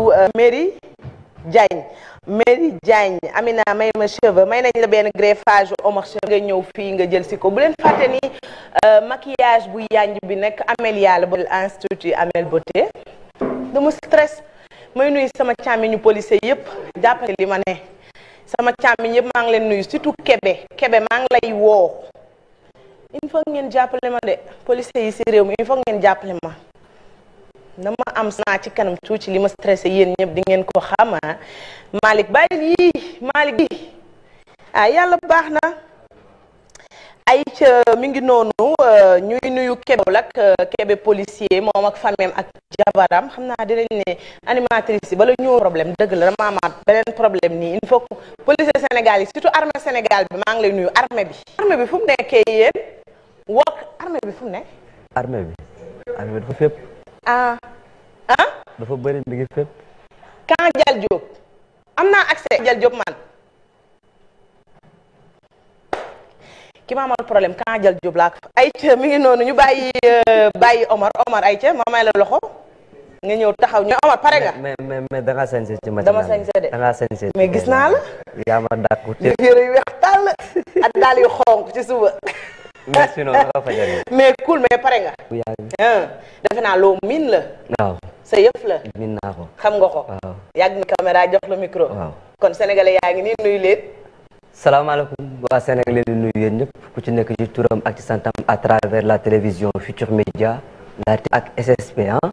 Euh, Mary Diagne Mary Diagne Amina may ma cheveux may nañ la benn greffage Omar nga ñëw fii nga jël si ko bu leen fàtte ni euh, maquillage bu yanj bi nekk Amélia la ba institut Amel Beauté dama stress may nuyu sama càmmiñu policier yëpp jàppale li ma ne sama càmmiñ yëpp maa ngi leen nuyu surtout Kébé Kébé maa ngi lay woo il faut ngeen jàppale ma de policier yi si réew mi il faut ngeen jàppale ma na ma am saa ci kanam tuuti li ma stressé yéen ñëpp di ngeen ko xama ah. Malick bàyyil yii Malick yi ah yàlla baax na ay ca mi ngi noonu euh, ñuy nuyu Kébé ak euh, Kébé policier moom ak famem ak jabaram xam naa dinañ ne animatrice yi bala ñëw problème dëgg la dama amaat beneen problème nii il faut que policier Sénégal yi surtout armée Sénégal bi maa ngi lay nuyu armée bi armée bi fu mu nekkee yéen wokk armée bi fu mu nekk armée bi armée bi dafa fépp Ah. ah dafa bëri mi ngi fépp. Camp Dial Diop am naa accès Dial Diop man ki ma amal problème Camp Dial Diop laa ko ayca mi ngi noonu ñu bàyyi euh, bàyyi Omar Omar ayca ma may la loxo nga ñëw taxaw ñu Omar pare nga. mais mais mais da ngaa ma ci matinale dama sañse de da mais gis naa la. yaa ma dàkku te yére yu weex tàll ak daal yu xonk ci suba. mais sinon nga fajar mais cool mais pare nga. defe naa loo miin la. waaw sa yëf la. miin naa ko xam nga ko. waaw yàgg na caméra jox la micro. waaw kon sénégalais yaa ngi nii nuyu leen. salaamaaleykum waa Sénégal leen di nuyu yéen ñëpp ku ci nekk ci turam ak ci santam à travers la télévision Futur Média la ak SSP ah.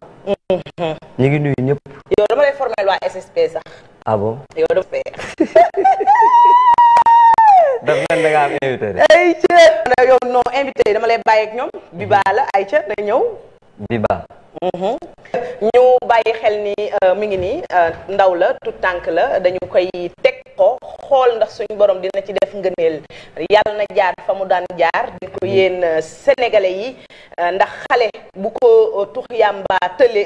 ñu ngi nuyu ñëpp. yow dama lay formel waa SSP sax. ah bon yow dama daf mel da nga am invité de. ayca na yow non invité yi dama lay bàyyi ak ñoom. Mhm. Biba la ayca na ñëw. Biba. Mhm. ñu bàyyi xel ni euh, mi ngi nii euh, ndaw la tout tànk la dañu koy teg ko xool ndax suñu borom dina ci def ngëneel yàlla na jaar fa mu daan jaar di ko mhm. yéen euh, sénégalais yi ndax xale bu ko tux yàmba tële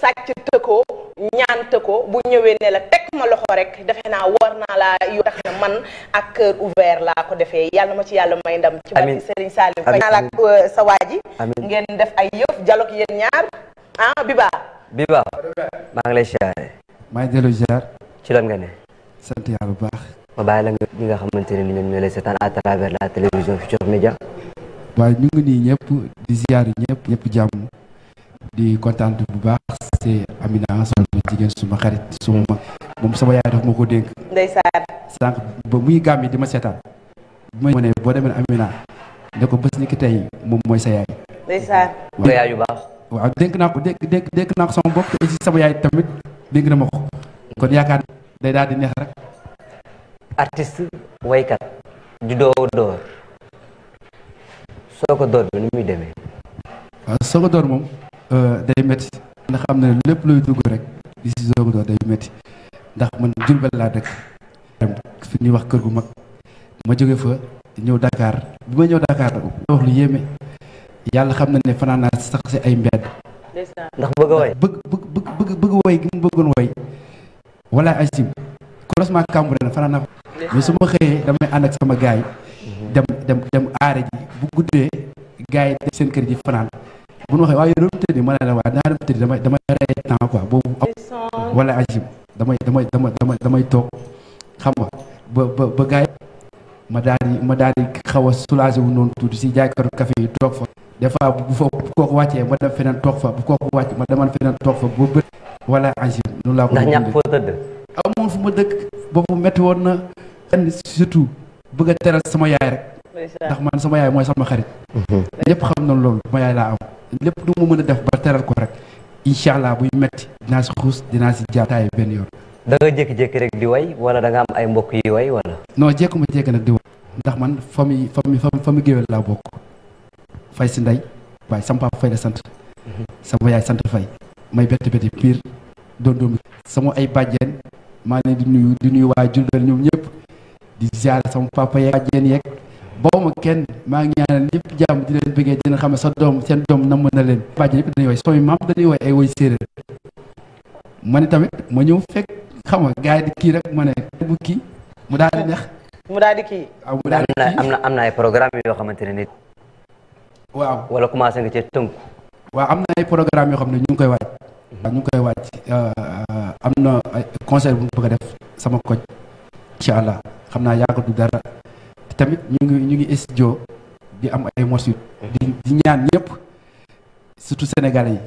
sàcc tëkoo ñaante ko bu ñëwee ne la teg ma loxo rek defe naa war naa laa yoo a na man ak cœur ouvert laa ko defee yàlla ma ci yàlla may ndam ci barke Serigne Salim fay naa la ak euh, sa waa def ay yëf dialogue yéen ñaar ah Biba Biba maa ngi lay siyaare maa ngi dellu ci lan nga ne sant yàlla bu baax ma bàyyi la nga ñi nga xamante ne ni ñoom ñoo lay seetaan à travers la télévision Futurs Médias waaye ñu ngi nii ñëpp di ziar yi ñëpp ñëpp jàmm di kontaan bu baax c'est Amina sama jigéen suma xarit suma mag moom sama yaay daf ma ko dénk. ndeysaan. sànq ba di ma seetaan bu ma ne boo demee Amina ne ko bés ni ki tey mooy sa yaay. ndeysaan. waaw yaay naa ko dénk dénk dénk naa ko sama yaay tamit dénk na ma ko kon yaakaar day daal di neex rek. artiste waykat di doo door soo ko door bi nu muy demee. waaw soo ko door moom. Euh, day métti ndax am na lépp luy dugg rek li si zoogu doo day métti ndax man Jurbel laa dëkk fi ñuy wax kër gu mag ma jóge fa ñëw dakaar bi ma ñëw Dakar wax lu yéeme yàlla xam ne fanaan naa sax si ay mbedd ndax bëgg a woy bëgg bëgg bëgg bëgg woy gi mu bëggoon woy wala asim croisement Cambérène fanaan naa mais su ma xëyee damay ànd ak sama gaay mhm. dem dem dem ji bu guddee gaay seen kër ji fanaan bu nu waxee waaye yow tëddi ma ne la waaye naa dem tëddi damay damay rey temps quoi boobu am wala ajib damay damay toog xam nga ba ba ba gars ma daal ma daal di xaw a soulagé wu noonu tuuti si jaaykatu café yi toog fa des fois bu fa bu kooku wàccee ma dem feneen toog fa bu kooku wàcc ma demal feneen toog fa ba bët wala ajib noonu laa ko ndax ñàkk foo tëdd amoon fu ma dëkk boobu métti woon na kenn surtout bëgg a teral sama yaay rek ndax man sama yaay mooy sama xarit mhm. ñëpp xam na loolu ma lépp du ma mën a def ba teral ko rek incha allah buy metti dinaa si xuus dinaa si jaataay benn yoon. da nga jékki rek di way wala da am ay mbokk yi way wala. non jékkuma jékki nag di way ndax man famille famille famille géwél laa bokk fay si ndey waaye sama papa fay sant. sama yaay sant fay may bett bett piir sama ay bàjjeen maa di nuyu di nuyu waa Jurbel ñoom ñëpp di ziare sama papa yeeg bàjjeen boo ma kenn maa ngi ñaanal ñëpp jàmm di leen bëggee dina xam ne sa doom seen doom namm na leen bàjj ñëpp dañuy woy sooy maam dañuy woy ay woy séeréer ma ne tamit ma ñëw fekk xam nga gars yi di kii rek ma ne te kii mu daal di neex mu daal di kii ah, mu daal di kii am na am na ay programme yoo xamante ne nit waaw wala commencé nga cee tënku waaw am na ay programme yoo xam ne ñu ngi koy waaj waaw mhm. ñu ngi koy waaj euh, am na concert bu mu bëgg a def sama koñ incha allah xam naa yàggatu dara tamit ñu ngi ñu ngi studio di am ay morceaux mm-hmm. di di ñaan ñëpp surtout sénégalais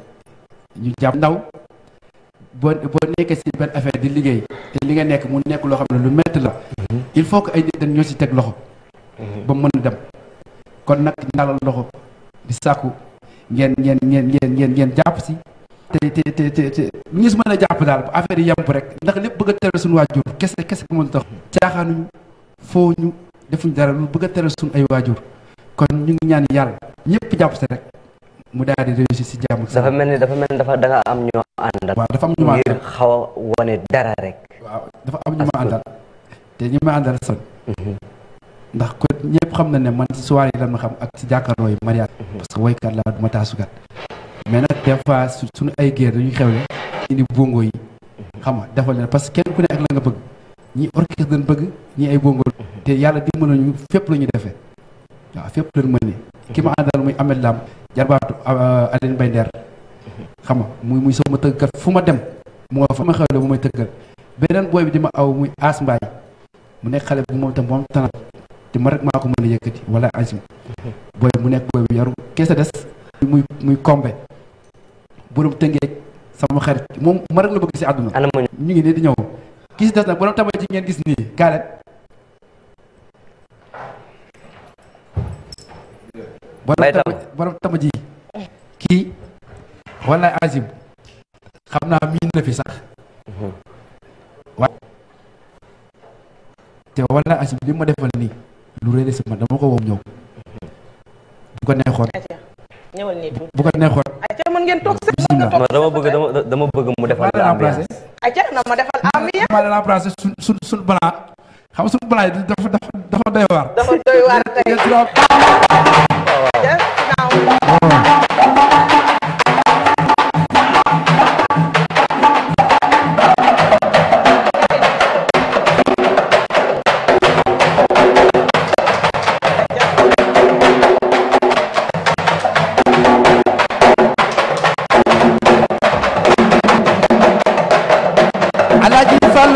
yi ñu jàpp ndaw boo boo nekkee si benn affaire di liggéey te li nga nekk mu nekk loo xam ne lu métti la mm-hmm. il faut que ay nit dañ ñoo si teg loxo mm-hmm. ba mën a dem kon nag ñaalal loxo di sàkku ngeen ngeen ngeen ngeen ngeen ngeen jàpp si te te te te te ñu si mën a jàpp daal bu affaire yi rek ndax lépp bëgg a tere suñu waajur kese kese ko mën tax caaxaanuñu fooñu defuñ dara lu bëgg a tere suñ ay waajur kon ñu ngi ñaan yàlla ñëpp jàpp si rek mu daal di réussir si jàmm sa mel dafa mel ni dafa da nga am ñoo àndal waaw dafa am ñu àndal ngir a wane dara rek waaw dafa am ñu ma àndal te ñi ma àndal son mhm. ndax ko ñëpp xam na ne man si soirée yi lan ma xam ak si jàkkaarloo yi mariage mhm. parce que woykat laa du ma taasukat mais nag des suñu ay géer dañuy xewle indi bongo yi mhm. xam nga defal leen parce que kenn ku ne ak la nga bëgg ñi orchestre dañ bëgg ñi ay bongo te yàlla dimbali nañu fépp la ñu defee waaw fépp lañ ni ki ma àndal muy Ameth Lam jarbaatu euh, Aline Mbaye Nder xam nga muy muy sama tëggkat fu ma dem mu nga fa ma xewle mu may tëggal beneen booy bi di ma aw muy As Mbaye mu nekk xale bu moom tam moom tanal te ma rek maa ko mën a yëkkati wala asim booy mu nekk booy bi yaru kese des muy muy kombe borom tëngeej sama xarit moom ma rek la bëgg si àdduna ñu ngi ne di ñëw gis des nag borom taba ji ngeen gis nii gaalet borom taba ji kii wallaay azim xam naa miin na fi sax mhm. waaye te wallaay azim li ma defal nii lu réere si man dama ko wom ñëw bu ko neexoon ñëwal nii bu ko neexoon mën dama bëgg dama bëgg mu defal la ambiance ayca na ma defal amiin. maa a remplacé suñ suñ suñ balaa xam nga suñ balaa dafa dafa doy waar. dafa doy waar tey.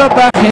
البحر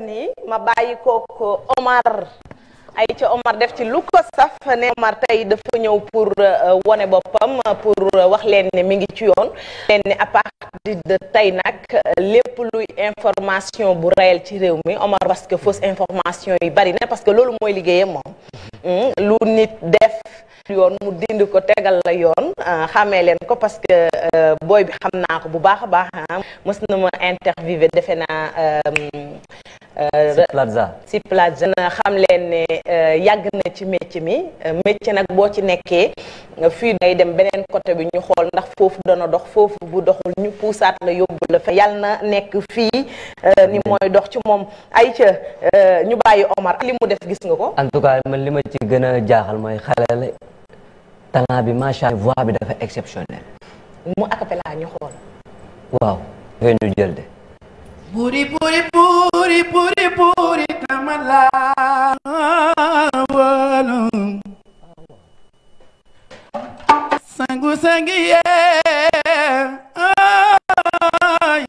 nekk nii ma bàyyi kook Omar ay ca Omar def ci lu ko saf ne Omar tey dafa ñëw pour euh, wone boppam pour euh, wax leen ne mi ngi ci yoon leen ne à partir de tey nag lépp luy information bu réel ci réew mi Omar parce que fausse information yi bari na parce que loolu mooy liggéeyam moom hmm, lu nit def yoon mu dind ko tegal la yoon Euh, xàmmee leen ko parce que euh, booy bi xam naa ko bu baax a baax ah. mës na ma interviewé defe naa. si euh, Plaza si plate Plaza xam leen ne yàgg na ci métier mi métier nag boo ci nekkee fii day dem beneen côté bi ñu xool ndax foofu dana dox foofu bu doxul ñu puusaat la yóbbu la fa yàlla na nekk fii ni mooy dox ci moom ay ca ñu bàyyi Omar li mu def gis nga ko. en tout cas man li ma ci gën a jaaxal mooy xale la talent bi macha allah voix bi dafa exceptionnel mu acapella ñu xool. waaw. dafay ñu jël buri buri buri buri buri tamala walo sangu sangi ye ay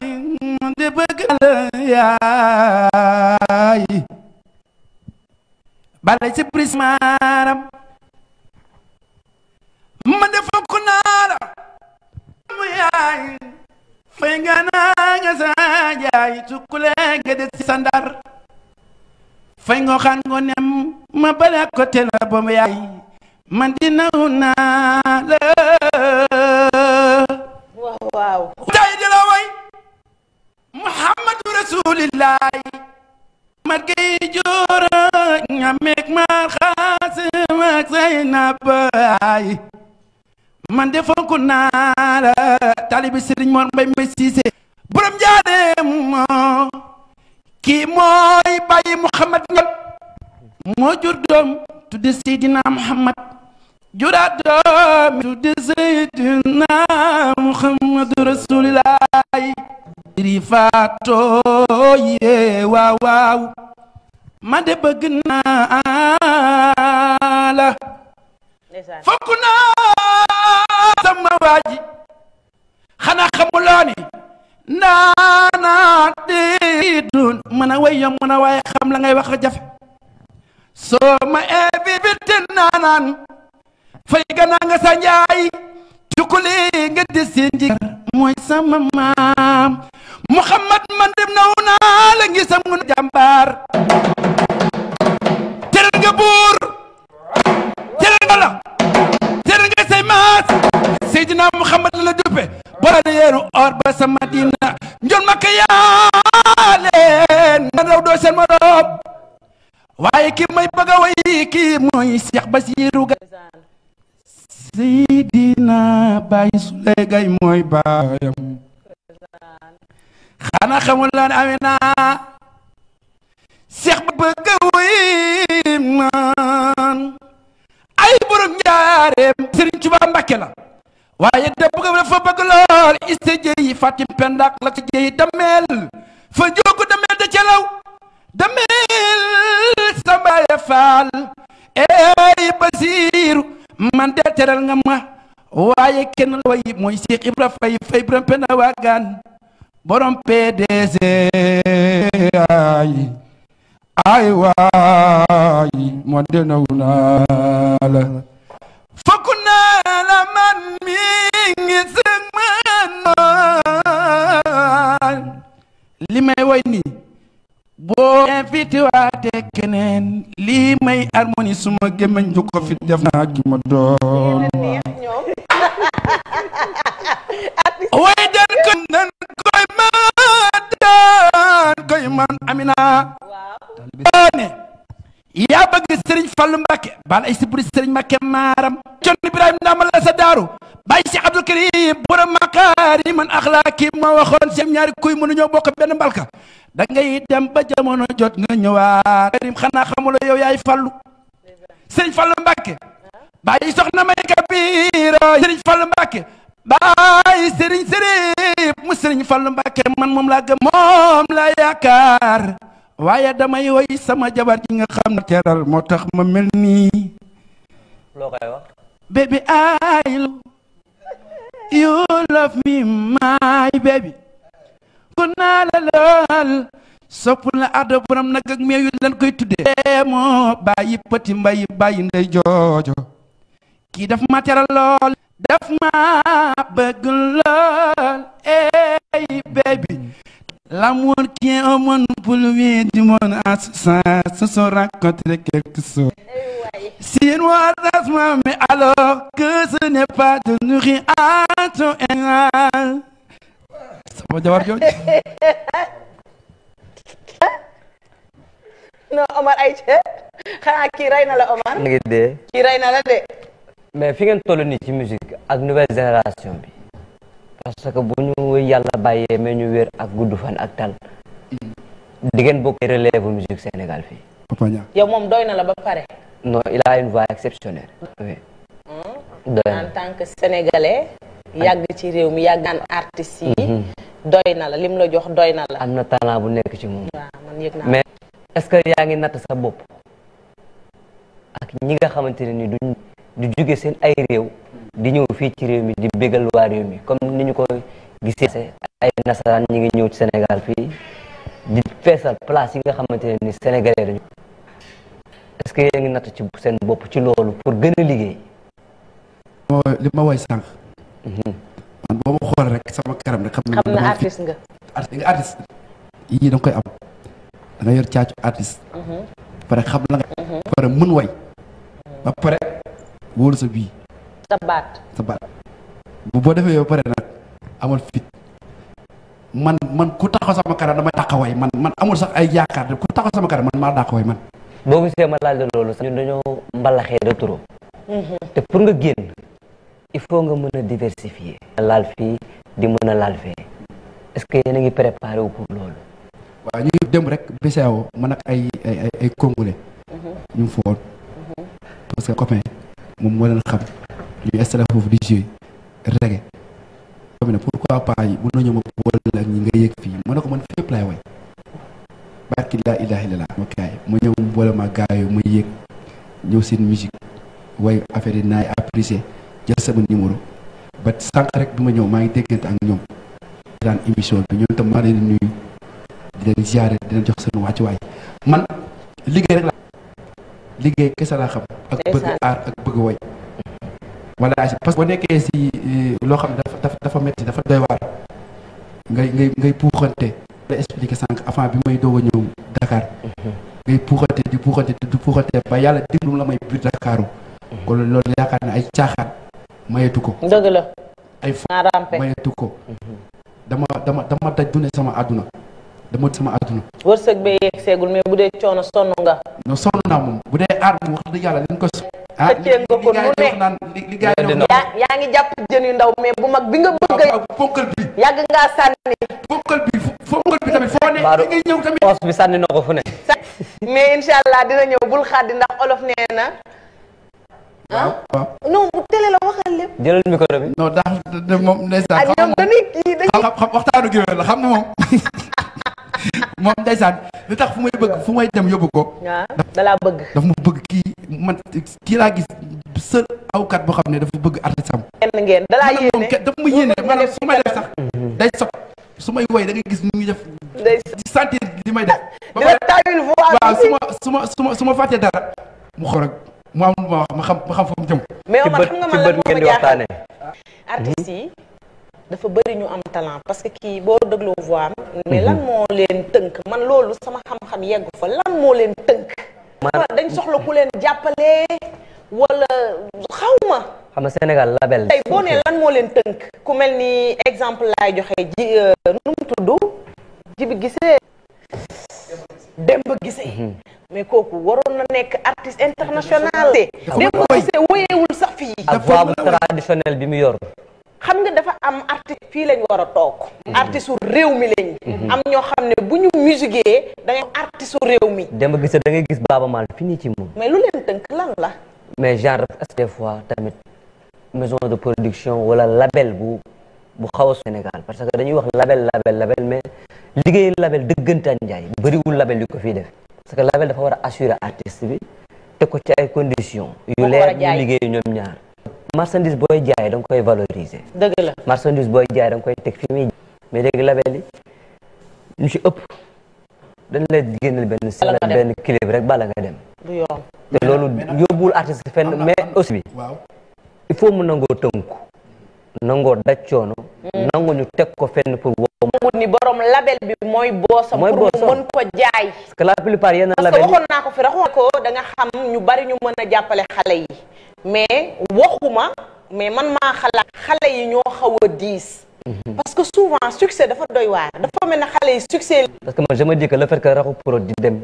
de bëgg la yaay bala ci prisma yaay cukuleegede sa ndar fay ngo xaan ngo nem ma bala ko tel na yaay man dina wu naa la waaw waaw la way muhammadu rasulillahi mat gay joora ñameek maar xaasim ak zaynab ay man de fonku naa la talibi sëriñ Mbay Mbay borom njaareem kii mooy bàyyi Muhammad ñëpp moo jur doom tudde Seydina Muhammad juraat doom tudde Seydina Muhammad rasulillahi rifaato yee waaw ma de bëgg naa la fokk naa sama waaji xanaa xamuloo ni ndaanaat di dun mën a way yomb mën a waaye xam la ngay wax a jafe soo ma invité naanaan fay gannaa nga sa njaay cukkuli nga di seen jikar mooy sama maam Muhammad man dem naw naa la ngi sam ngun jàmbaar nga buur teral nga la teral nga say maas seydina muhammad la duppe boole yeenu or ba sa madina njol makka yaaleen na raw doo seen waaye ki may bëgg a way kii mooy Cheikh Bassirou Gaye seydina bàyyi Souleye Gaye mooy baayam xanaa xamul lan amina ba bëgg way naan ay borom njaareem Serigne Touba Mbacké la waaye dëpp ko dafa bëgg lool iste jeey fatim pendak la ko jeey dameel fa joogu dameel da celaw dameel sambaaya faal eey basiiru man de teral nga ma waaye kenn way mooy Ibra Fay fay biram penda waagaan borom PDC ay waay moo de naw naa ngi sëg may woy nii boo invité waate keneen lii may harmonie suma gémmiñ du fi def ma doon way dan koy dan koy koy man amina yaa bëgg Serigne Fallou Mbacke bal ay siburi Serigne Mbacke maaram con Ibrahima ndaamal la sa daaru Baye Cheikh Abdou Karim borom maqaari man axlaaki ma waxoon seen ñaari kuy mënuñoo bokk benn mbalka da ngay dem ba jamono jot nga ñëwaat Karim xanaa xamula yow yaay Fallou Serigne Fallou Mbacke Baye soxna may kabiro Serigne Fallou Mbacke Baye Serigne Serigne mu Serigne Fallou Mbacke man moom laa gëm moom laa yaakaar waaye damay woy sama jabar ji nga xam ne teral moo tax ma mel nii loo koy wax baby I love you love me my baby naa la lool sopp la adda borom nag ak meew yu lan koy tuddee moo bàyyi pëti mbay bàyyi ndey joojo kii daf ma teral lool daf ma bëgg lool ey baby L'amour qui est au monde pour lui du monde assassin se sont rencontrés quelque chose. Eh si nous attachons, mais alors que ce n'est pas de nourrir à ton égard. sama jabar jooju. non Omar Aïcha xanaa kii rey Omar. kii rey de. mais fi ngeen toll ci musique ak nouvelle génération bi. parce que bu ñu yàlla bàyyee mais ñu wér ak gudd fan ak tal di ngeen bokk relève musique Sénégal fii. yow moom doy na la ba pare. non il a une voix exceptionnelle. oui. Hmm? doy na ah. ci réew mi yàgg naan artistes mm-hmm. na la lim la jox doy na la. am na talent bu nekk ci moom. waaw man yëg naa mais est que yaa ngi natt sa bopp. ak ñi nga xamante ni du jóge seen ay réew. di ñëw fii ci réew mi di bégal waa réew mi comme ni ñu ko gisee ay nasaraan ñu ngi ñëw ci Sénégal fii di feesal place yi nga xamante ne ni Sénégalais lañu est-ce que yéen ngi natt ci seen bopp ci loolu pour gën a liggéey. li ma woy sànq. Mhm. man boo ma rek sama karam rek. xam na artiste nga artiste yii da koy am da nga yor caacu artiste. Mhm. pare xam la nga. Mhm. pare mën way. ba pare wóolu sa bii. sa baat sa baat bu boo defee yow pare nag amal fit man man ku taxaw sama kanam damay taxawaay man man amul sax ay yaakaar ku taxaw sama kanam man maa taxawaay man. boo gisee ma laaj la loolu sax ñun dañoo mbalaxee de trop. Mm-hmm. te pour nga génn il faut nga mën a diversifier. laal fii di mën a laal fee est-ce que yéen ngi préparé wu pour loolu. waaw ñu dem rek BCEAO man ak ay ay ay mm-hmm. ñu ngi foofu mm-hmm. parce que copain moom moo leen xam. ñuy installé foofu di jouer reggae xam ne pourquoi pas yi mën nañoo ma boole ak ñi nga yëg fii ma na ko man fépp laay way barki laa ilaha illallah ma kaay ma ñëw mu boole ma gaayo ma yëg ñëw seen musique way affaire yi naay apprécier jël sama numéro ba sànq rek bi ma ñëw maa ngi déggante ak ñoom daan émission bi ñoom tam maa leen di nuyu di leen jox seen wàccuwaay man liggéey rek liggéey kese laa xam ak bëgg aar ak bëgg way wala parce que boo nekkee si euh, loo xam dafa metti dafa doy waar ngay ngay ngay puuxante la expliqué sànq avant bi may a mm-hmm. di puuxante di puuxante ba yàlla diglum la may biir Dakaru mm-hmm. kon loolu yaakaar ne ay caaxaan mayetu ko dëgg la ay fo mayetu ko mm-hmm. dama dama dama daj dune sama àdduna dama sama àdduna wërsëg ba yegg seegul mais bu dee coono sonn nga non sonn naa moom bu dee aar moom wax dëgg yàlla liñ ko Ah, xëccee nga ko nu ne yaa ngi jàpp ndaw mais bu mag bi a ponkal bi yàgg ngaa sànni ponkal bi ponkal bi tamit foo ne ngay ñëw tamit os bi na ko fu ne mais incha allah dina ñëw bul xaddi ndax olof nee na ah non bu télé la waxal lépp jëlal micro bi non dax moom ndeysaan ak ah, moom moom ndeysaan li tax fu may bëgg fu may dem yóbbu ko ah, dalaa bëgg daf ma bëgg kii man kii laa gis seul awkat boo xam ne dafa bëgg artiste am. kenn ngeen da laa yéene dafa ma yéene maanaam su may def sax mhm. day sot su may woy da nga gis ni muy def. day di sentir li may def. ba pare waaw su ma su ma su ma su ma fàttee dara mu xool rek ma wax ma xam ma xam fa mu jëm. mais Omar xam nga man lan moo ah. mhm. dafa bëri ñu am talent parce que kii boo dégloo voix am mais lan mhm. moo leen tënk man loolu sama xam-xam yeggu fa lan moo leen tënk. dañ soxla ku leen jàppale wala xawma xam na Sénégal label tey boo ne lan moo leen tënk ku mel ni exemple laay joxe ji euh, nu mu tudd ji bi gisee gisee mhm. mais kooku waroon na nekk artiste international démb gisee woyeewul sax fii ak voix traditionnelle bi mu yor xam nga dafa am artiste fii lañ war a toog mhm. artiste u réew mi lañ mhm. am ñoo xam ne bu ñu musiqué da ngay artiste u réew mi Demba Guissé da ngay gis Baaba Maal fi nii ci moom mais lu leen tënk lan la mais genre est fois tamit maison de production wala label bu bu xaw a Sénégal parce que dañuy wax label label label mais liggéey label dëggantaan njaay bëriwul label yu ko fii def parce que label dafa war a assurer artiste bi te ko ci ay conditions yu leer ñu liggéey ñoom ñaar marchandise booy jaay da koy valoriser. dëgg la marchandise booy jaay da nga koy teg fi muy mais léegi label yi lu ci ëpp dañ lay génneel benn seen benn clip rek bala nga dem. du yoon te loolu yóbbuwul artiste fenn mais aussi. il faut mu nangoo tënku. nangoo daj coono. Mm. nangu ñu teg ko fenn pour woo. nangu ni borom label bi mooy boosam. mooy boosam pour mën ko jaay. parce que la plupart yenn label yi waxoon naa ko fi raxoon ko mën a jàppale xale a mhm. que souvent succès dafa doy waar dafa mel ne xale yi succès. parce que man je me dis que le fait que di dem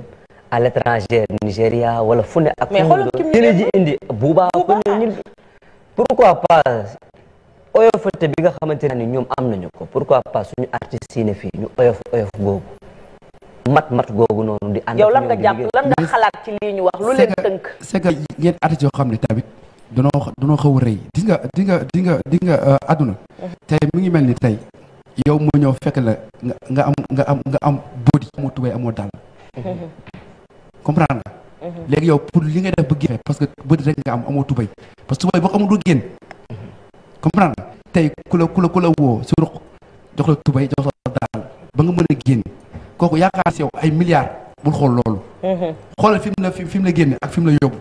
à l' étranger Nigéria fu ne ak. mais xoolal ji indi Bouba. pourquoi pas oyofate bi nga xamante ne ni ñoom am nañu ko pourquoi pas suñu artistes yi ne fii ñu oyof oyof googu mat mat googu noonu di. ànd yow jàpp lan nga xalaat ci lii ñu wax lu leen tënk. c'est que yéen yoo xam ne tamit danoo danoo xaw a rëy di nga di nga di nga di nga euh, àdduna. Mhm. tey mi ngi mel ni tey yow mu ñëw fekk la nga nga am nga am nga am body amoo tubéy amoo dàll. Mhm. comprendre nga. Mhm. léegi yow pour li nga def ba génn parce que body rek nga am amoo tubéy parce que tubéy boo comprendre nga tey ku la ku la ku la woo si ruq jox la tubay jox la daal ba nga mën a génn kooku yaakaar si yow ay milliards bul xool loolu. xoolal fi mu la fi mu la génn ak fi mu la yóbbu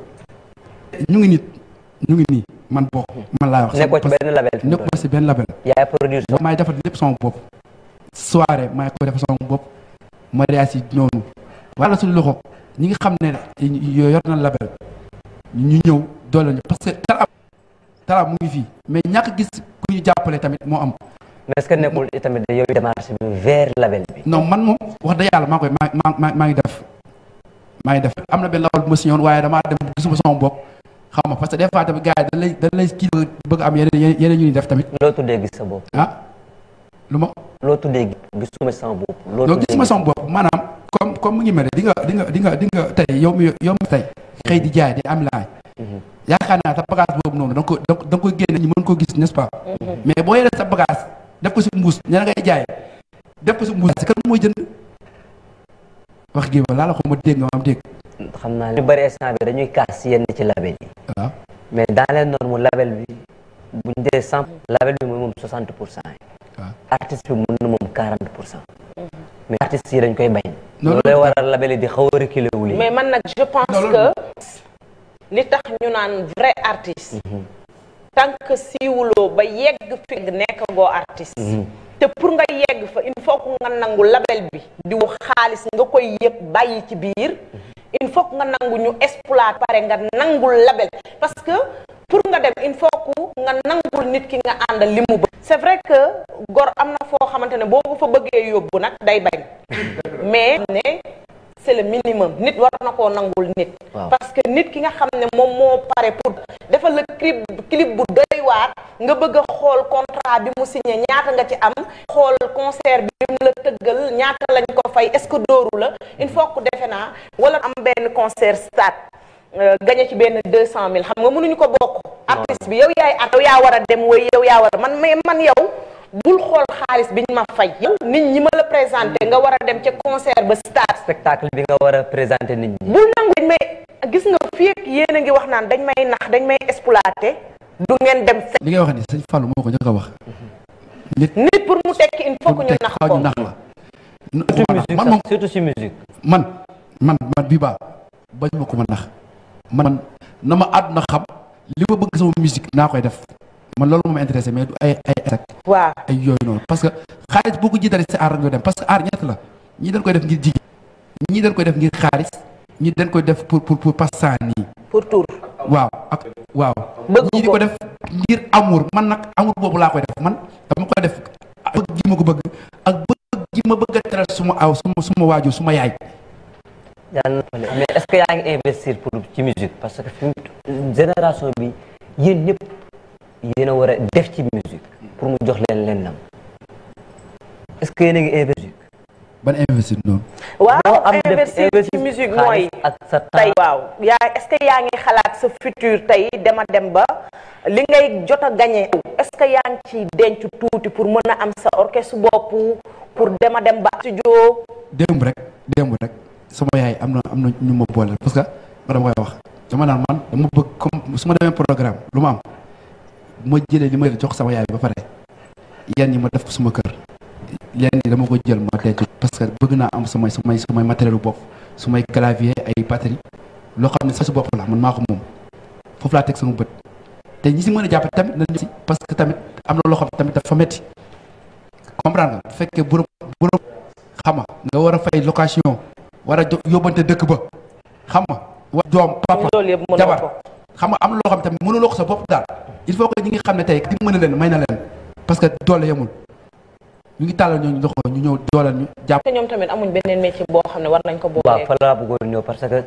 ñu ngi nit ñu ngi nii man boo man laa wax. nekkoo ci benn label nekkoo ci benn label. yaay defar lépp sama bopp. soirée maay ko defar sama bopp mariage yi noonu wala suñu loxo ñi nga xam ne yor na label ñu ñëw doole ñu parce que talaa mu ngi fii mais ñàkk gis ku ñu jàppale tamit moo am. mais man moom wax dëgg yàlla maa koy maa ngi def am na benn label bu ma signé woon waaye damaa dem gisuma sama bopp xam nga parce que des fois tamit gars yi dañ lay dañ lay kii bëgg am yeneen yeneen ñu def tamit. loo tuddee gis sa bopp. ah lu ma. loo tuddee gisuma sama bopp. loo comme comme mu ngi mel di nga di di nga di nga tey yow mi yow mi tey xëy di jaay di am laay. Mm-hmm. yaakaar naa sa bagage boobu noonu da ko da nga génne ñu mën koo gis n'est-ce pas mhm. mais boo yoree sa bagage def ko si mbuus ña ngay jaay def ko si mbuus si kan mooy jënd wax gi ba laa dégg nga ma dégg xam naa li bëri instant dañuy kaas yenn ci label yi waaw ah. mais dans les normes label bi buñ dee cent label bi mooy moom soixante pour cent yi ah. artiste bi mën na moom quarante pour cent mhm. mais artiste yi dañ koy bañ loolu lay waral label yi di xaw a reculer wu mais man nag je que li tax ñu naan vrai artiste mhm. tant que siiwuloo ba yegg fi nekk goo artiste mhm. te pour nga yegg fa il faut que nga nangu label bi di wu xaalis nga koy yëg bàyyi ci biir mhm. il faut nga nangu ñu exploiter pare nga nangul label parce que pour nga dem il faut que nga nangul nit ki nga àndal li mu bëgg c'est vrai que gor am na foo xamante ne boo ko fa bëggee yóbbu nag day bañ mais ne c'est le minimum nit war na koo nangul nit. parce que nit ki nga xam ne moom moo pare pour defal la clip clip bu doy waar nga bëgg a xool contrat bi mu signé ñaata nga ci am xool concert bi mu la tëggal ñaata lañ ko fay est-ce que dóoru la il faut que defe naa wala am benn concert stade. Euh, gañe ci benn deux cent mille xam nga mënuñu ko bokk artiste bi yow yaay at yow yaa war a dem woy yow yaa war a man man yow bul xool xaalis bi biñ ma fay yow nit ñi ma la présenté nga war a dem ca concert ba stade spectacle bi nga war a présenté nit ñi bul nangu dañ may gis nga fii ak a ngi wax naan dañ may nax dañ may exploité du ngeen dem fe li ngay wax ni sëñ Fallou moo ko njëkk a wax nit nit pour mu tekki il faut que ñu nax ko nax la man moom surtout si musique man man man ba baa bañ ma ko ma nax man na ma àdduna xam li ma bëgg sama musique naa koy def man loolu moom intéressé mais du ay ay ay yooyu noonu parce que xaalis boo ko jiitalee si aar nga dem parce que aar ñett la ñi dañ koy def ngir jigéen ñii dañ koy def ngir xaalis ñii dañ koy def pour pour pour passant nii pour tour waaw ak waaw ñii di ko def ngir amour man nag amour boobu laa koy def man dama koy def bëgg gi ma ko bëgg ak bëgg gi ma bëgg a teral suma aw suma suma waajur suma yaay mais est-ce que yaa ngi investir pour ci musique parce que génération bi yéen ñëpp yéen a war a def ci musique pour mu jox leen leen nam est-ce que yéen a ngi investi. ban investi noonu. waaw am investi ci musique mooy ak sa tey waaw yaa est-ce yaa ngi xalaat sa futur tey dema dem ba li ngay jot a gagné est-ce que yaa ngi ci denc tuuti pour mën a am sa orchestre bopp pour dema dem ba joo démb rek démb rek sama yaay am na am na ñu ma booleel parce que ma dama koy wax dama naan man dama bëgg comme su ma demee programme lu ma am. bu ma jëlee li ma jox sama yaay ba pare yenn yi ma def ko suma kër yenn yi dama ko jël ma denc parce que bëgg naa am samay samay samay matériel bopp sumay clavier ay batterie loo xam ne sax si bopp la man maa ko moom foofu laa teg sama bët te ñi si mën a jàpp tamit nañ si parce que tamit am na loo xam tamit dafa metti comprendre nga bu fekkee borom borom xama nga war a fay location war a yóbbante dëkk ba xama wa doom papa jabar xam nga am loo xam tamit mënuloo ko sa bopp daal il faut que ñi nga xam ne tey di mën a leen may na leen parce que doole yemul ñu ngi tàllal ñooñu loxo ñu ñëw doole ñu jàpp. te ñoom tamit amuñ beneen métier boo xam ne war nañ ko boole. waaw fa laa bëggoon ñëw parce que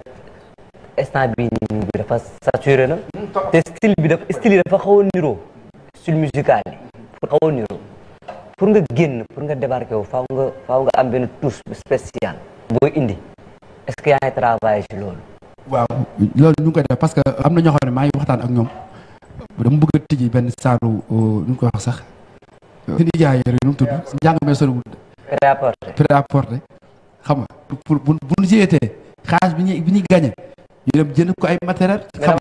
instant bi dafa saturé na. Mm, te style bi dafa style yi xaw a niroo. style musical yi. pour xaw a niroo. pour nga génn pour nga débarquer wu faaw nga faw nga am benn touche spéciale. boo indi est-ce que yaa ngi travaillé ci loolu. waaw loolu ñu ngi koy def parce que am na ñoo ne maa ngi waxtaan ak ñoom dama bëgg a tijji benn saaru euh, nu ñu koy wax sax. fi ñu jaayee rek nu mu tudd njàng mee soriwul. pré-apporté pré-apporté xam nga pour bu bu xaalis bi ñuy bi ñuy gagné ñu ko ay matériel xam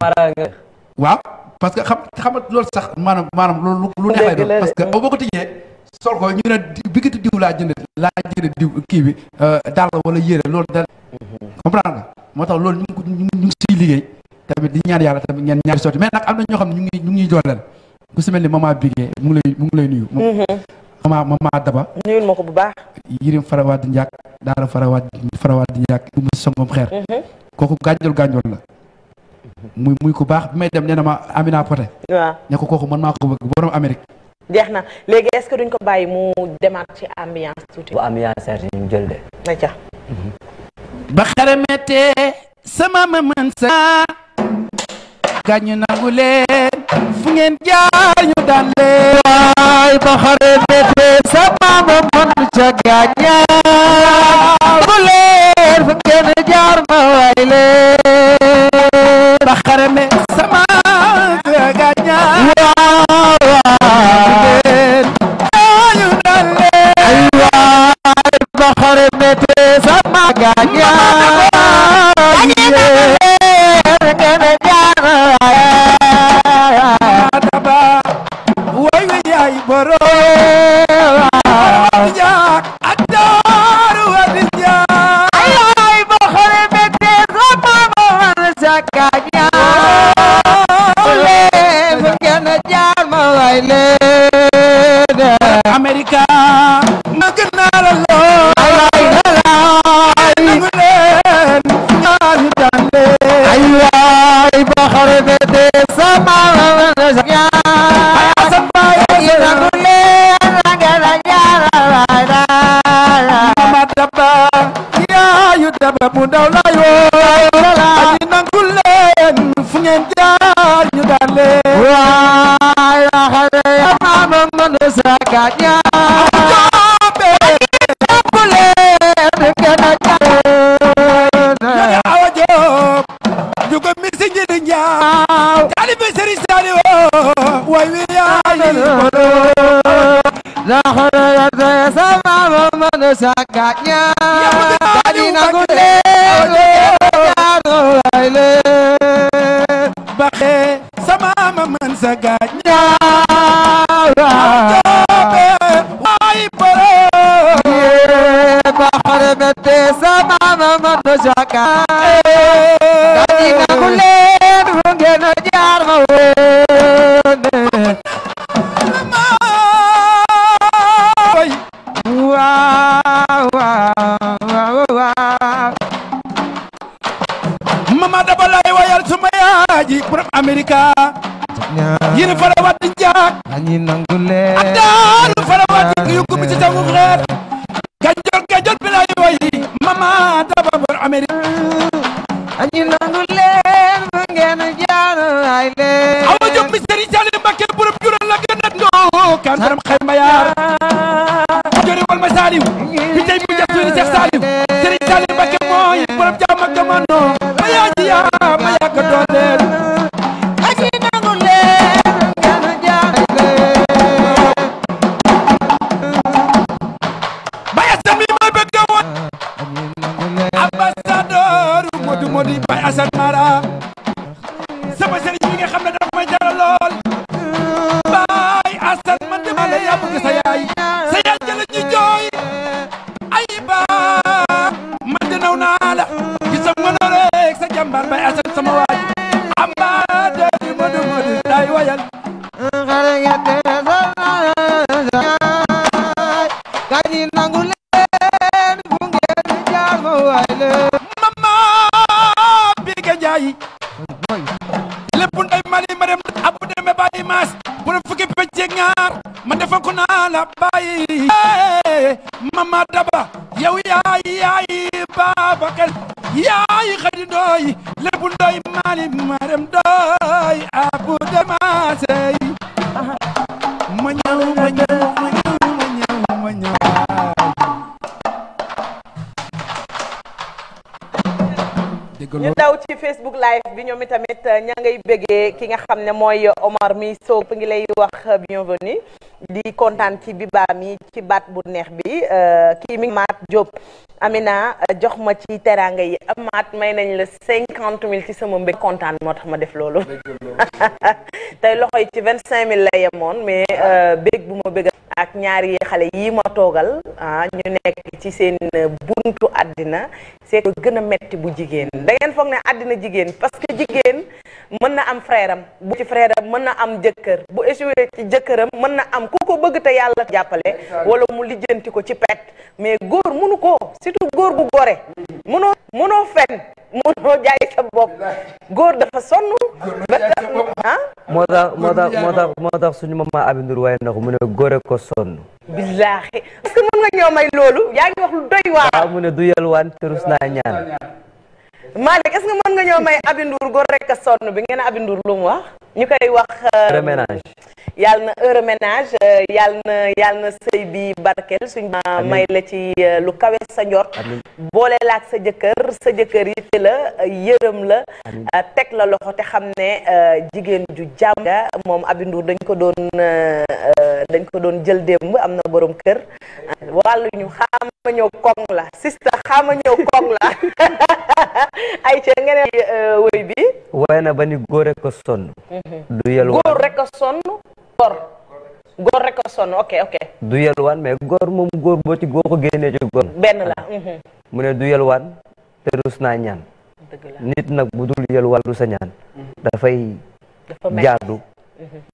nga parce que xam xam loolu sax maanaam maanaam loolu lu neex lay parce que boo ko tijjee sol ko ñu ne biggati diw laa jënd laa jënd diw kii bi euh, daal wala yére loolu daal mm-hmm. comprendre nga. moo tax loolu ñu ngi ko ñu ngi siy liggéey tamit di ñaan yàlla tamit ngeen ñaari sotti mais nag am na ñoo xam ne ñu ngi ñu ngi ñuy dooleel ku si mel ni maman Bigué mu ngi lay mu ngi lay nuyu. maman maman Daba. nuyul ma ko bu baax. Yirim Farawaad Ndiak Daara Farawaad Farawaad Ndiak mhm. muy muy ku baax bi may dem nee na ma Amina Poté. waaw ne ko kooku man maa ko bëgg borom Amérique. jeex na léegi est-ce que duñ ko bàyyi mu demaat ci ambiance tuuti. bu ambiance ñu jël de. ba xaramete sama maman sa gaañu nangu leen fu ngeen jaar leen waay ba xaramete sama maman ca gaaña nangu leen fu ngeen jaar ma waay leen ba xarame sama gaaña waay gaañu daan leen bu daw lay woo aji nangul leen fu ngeen jaar ñu daan leen waay la ya maama mën saka ñaar jombe ko misi ngi di ñaaw taalibe sëriñ saali woo way wi yaay la ya sama maama mën saka America yene fara wat jaak tamit euh, ña ngay bëggee ki nga xam ne mooy Omar mi Soop ngi lay wax bienvenue di kontaan ci bibaam mi ci baat bu neex bi euh, kii mi Maat Diop Amina jox ma ci teraanga yi Maat may nañ la cinquante mille ci sama mbég kontaan moo tax ma def loolu tey loxo yi ci vingt cinq mille la yemoon mais euh, bëgg bu ma bëgg ak ñaari xale yii ma toogal ah ñu nekk ci seen e, buntu àddina c'est que gën a metti bu jigéen da ngeen foog ne àddina jigéen parce jigéen mën na am frère bu ci frère am mën na am jëkkër bu échoué ci jëkkëram mën na am ku ko bëgg te yàlla jàppale wala mu lijjanti ko ci pet mais góor munu ko surtout góor bu gore mënoo mënoo fen mënoo jaay sa bopp góor dafa sonn ah moo tax moo tax moo tax moo tax suñu maman Abi Ndour waaye na ko mu ne góore ko sonn billaahi parce que mën nga ñoo may loolu yaa ngi wax lu doy waar waaw mu ne du yelwaan te naa ñaan Malick est-ce que mën nga ñoo may abindour góor rek sonn bi ngeen abindour lu mu wax ñu koy wax heure na heure ménage euh, yàlla na yàlla na sëy bi barkeel suñ may la ci euh, lu kawe sa njort boole la sa jëkkër sa jëkkër yitte la yërëm la euh, teg la loxo te xam ne jigéen ju jàmm nga moom abindour dañ ko doon dañ ko doon jël démb am na boroom kër wàllu ñu xaama ñëw kong la sista xaama ñëw kong la ay ca nga ne euh, woy bi woy na ba ni góor rek a sonn mhm. du yelwaan ok ok du yelwaan mais góor moom góor boo ci góor ko génnee ci góor mhm. mu ne du yelwaan te rus naa ñaan nit nag bu dul yelwaan du sa ñaan mhm. dafay jaadu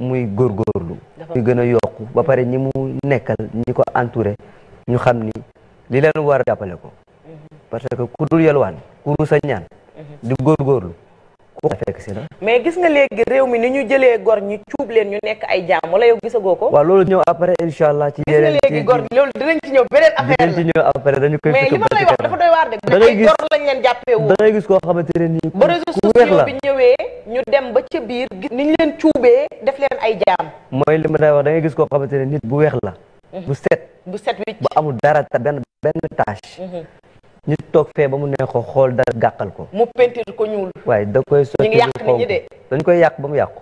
muy góorgóorlu muy gën a yokku ba pare ñi mu nekkal ñi ko entouré ñu xam ni li leen war a jàppale ko parce que ku dul yalwaan ku dul sa ñaan. Mhm. di góorgóorlu. mais gis nga léegi réew mi ni ñu jëlee gor ñi cuub leen ñu nekk ay jaam wala yow gisagoo ko. waaw loolu ñëw après incha allah. ci yeneen gis nga léegi gor loolu dinañ ci ñëw beneen affaire la dinañ ci da ngay gis koo xamante ne nii. ba réseaux sociaux bi ñëwee ñu dem ba ca biir gis niñ leen cuubee def leen ay jaam. mooy li ma lay wax da gis koo xamante nit bu weex la. Mhm. bu set bu set wicc bu amul dara benn benn nit toog fee ba mu neexoo xool da gàkkal ko. mu pentir ko ñuul. waaye da koy sotti ñu xonk ñu de. dañ koy yàq ba mu yàqu.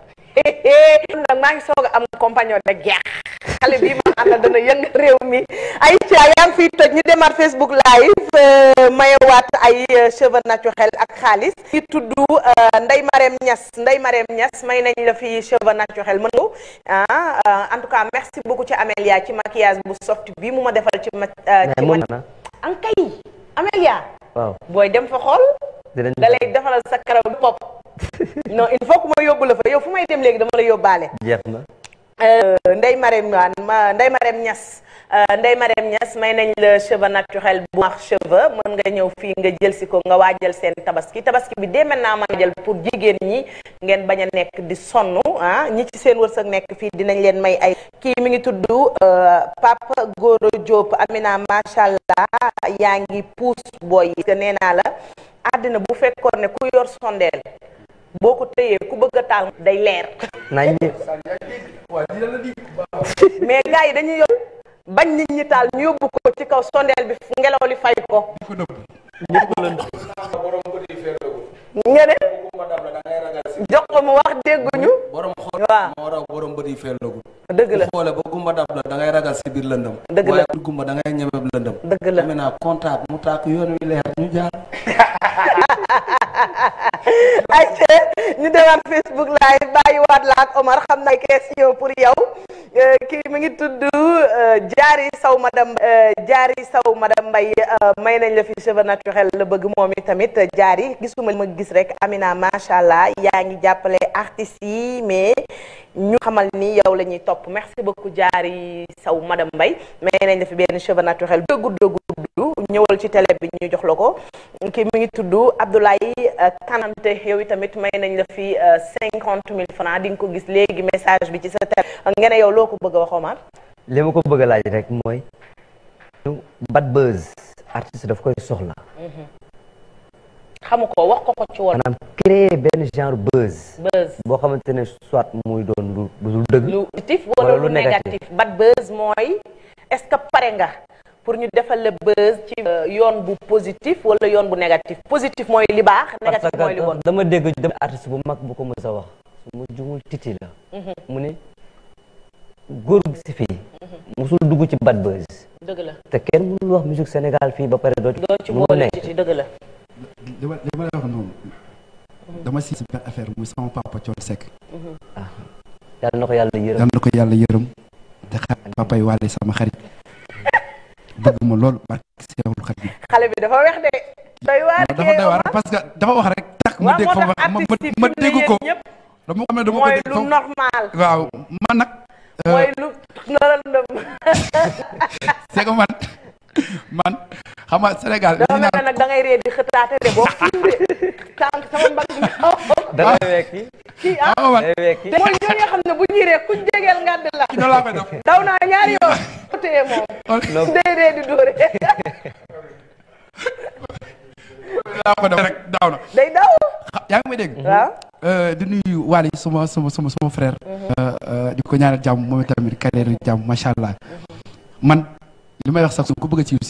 man maa ngi soog a am compagnon de guerre xale bii ma àndal dana yëngu réew mi Aïcha yaa ngi fiy toj ñu demaat Facebook live euh, mayewaat ay euh, cheveux naturel ak xaalis ki tudd euh, Ndeye Marème Niass Ndeye Marème Niass may nañ la fi cheveux naturel mën ko ah, en tout cas merci beaucoup ci Amélia ci maquillage bu soft bi mu ma defal ci ma ci ma ankay Amélia. booy dem fa xool. da lay defaral sa karaw bi bopp. non il faut que ma yóbbu la fa yow fu may dem léegi dama la yóbbaale. jeex na. Euh, Ndeye Marème Ndeye Marème Niass. Euh, Ndeye Marème Niass may nañ la cheveux naturel bu mar cheveux mën nga ñëw fii nga jël si ko nga waa waajal seen tabaski tabaski bi dee mën naa mën jël pour jigéen ñi ngeen bañ a nekk di sonn ah ñi ci seen wërsëg nekk fii dinañ leen may ay kii mu ngi tudd euh, Pape Goro Diop Amina macha allah yaa ngi puus booy yi nee naa la àddina bu fekkoon ne ku yor sondeel boo ko téyee ku bëgg a taal day leer. nañ mais gars yi dañuy yor bañ nit ñi taal ñu yóbbu ko ci kaw sondeel bi ngelaw li fay ko. nga ne jox ko mu wax dégguñu. borom xool moo raw borom bët yi feelagul. dëgg la xoole ba gumba dab la da ragal si biir lëndëm. dëgg la waaye bu gumba da ngay ñemeb lëndëm. dëgg la maintenant contact mu tàkk yoon wi leer ñu jaar. ayte ñu demaat Facebook live bàyyiwaat la ak Omar xam naa question pour yow euh, kii mi ngi tudd Jaari euh, Saw madame Jaari euh, Saw madame Mbaye may nañ la fi cheveux naturel la bëgg moom i tamit Jaari gisuma ma gis rek Amina macha allah yaa ngi jàppale artistes yi mais ñu xamal ni yow la ñuy topp merci beaucoup Jaari Saw madame Mbaye may nañ la fi benn cheveux naturel dëggu dëggu tudd ñëwal ci télé bi ñu jox la ko ki mi ngi tudd Abdoulaye euh, Kanante yow tamit may nañ la fi euh, mille francs di nga ko gis léegi message bi ci sa télé nga ne yow loo ko bëgg a wax li ma ko bëgg a laaj rek mooy bad buzz artiste daf koy soxla mm-hmm. xamu ko wax ko ko ci woon. maanaam créer benn genre buzz. buzz boo xamante ne soit muy doon lu dëgg. lu positif wala négatif bad buzz mooy est pare nga pour ñu defal la buzz ci euh, yoon bu positif wala yoon bu négatif positif mooy li baax négatif mooy li bon dama dégg dama artiste bu mag bu ko mës a wax su jumul titi la mhm. mu ne góor gi si fii mhm. musul dugg ci bad buzz dëgg la te kenn mënul wax musique Sénégal fii ba pare doo ci doo ci dëgg la li ma li ma lay wax noonu mhm. dama si si benn affaire muy sama papa Thione Seck ah na ko yàlla yërëm yàlla na ko yàlla yërëm te xam papay wàlle sama xarit bëgg ma lool barke Seexul Xadiim xale bi dafa weex de. doy waar dafa doy waar parce que dafa wax rek. tak ma dégg foofu wax ma waaw man nag. Euh, mooy lu normal. c'est que man man xama nga Sénégal. dafa mel ne nag da di xëtaate de boo sànq sama mbag da ngay wekki. kii ah day wekki mooy ñoo xam ne bu ñu ku jegeel ngàdd la. daw naa ñaari yoon téye moom. day ree di day daaw yaa ngi may dégg waaw euh, di nuyu Waly suma suma suma suma frère mhm. euh, euh, moom tamit carrière jàmm macha allah man li may wax sax su ko bëgg a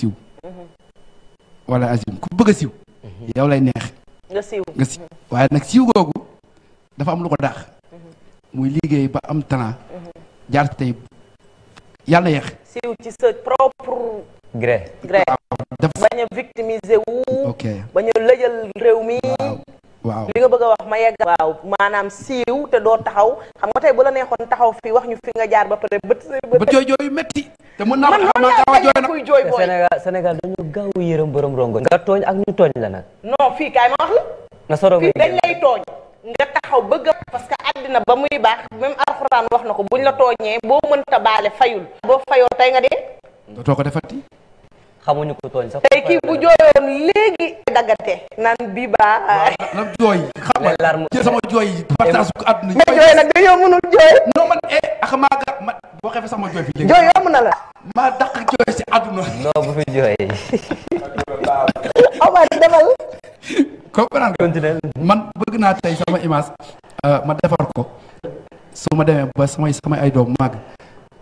wala azim ku bëgg a siiw. Mhm. yow lay neex. nga siiw nga siiw waaye nag siiw googu dafa am lu ko daax. Mhm. muy liggéey ba am talent. Mhm. jaar tey yàlla yeex. siiw ci sa propre. gré gré bañ a victimiser wu. bañ a lëjal réew mi. waaw li nga bëgg a wax ma yegg waaw maanaam siiw te doo taxaw xam nga tey bu la neexoon taxaw fii wax ñu fi nga jaar ba pare bët bët jooy jooyu métti te mën naa xam naa gaaw a jooy nag kuy jooy booy Sénégal Sénégal dañu gaaw a yërëm borom rongo nga tooñ ak ñu tooñ la nag non fii kaay ma wax la na soro fii dañ lay tooñ nga taxaw bëgg parce que àddina ba muy baax même alxuraan wax na ko buñ la tooñee boo mënta baale fayul boo fayoo tey nga dee dootoo ko defati xamuñu ko tooñ sax. tey kii bu jooyoon léegi daggate. naan bii ba. waaw jooy. xam nga jël sama jooy yi partage ko àdduna. mais jooy nag dañoo mënul jooy. non man eh ah maa ma boo xefe sama ma jooy fii. jooy yomb na la. ma dàq jooy si àdduna. non bu fi jooy. man bëgg naa tey sama image euh, ma defar ko su ma demee ba samay samay ay doom màgg.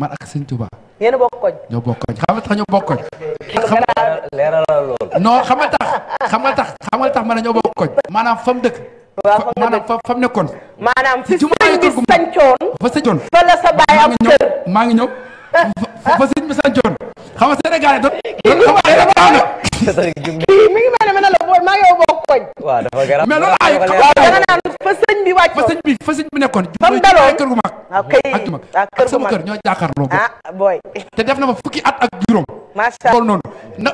man ak sëñ Touba. yéen a bokk koñ. ñoo bokk koñ xam nga tax ñoo bokk koñ. leeralal lool. non xam nga tax xam tax xam nga tax ma ne ñoo bokk koñ. maanaam fa mu dëkk. waaw maanaam fa fa mu nekkoon. maanaam fi sëñ bi sancoon. fa sëñcoon. fa la sa baay am kër maa ngi ñëw fa sëñ bi sancoon. maa yow bokk koñ. waaw dafa garab mais loolu ay da nga naan fa bi wàcc. fa bi fa bi nekkoon. fa mu daloo kër gu mag. Ah, ak ah, kër ñoo jàkkaarloo ko. ah te def na ma fukki at ak juróom. macha allah loolu noonu. na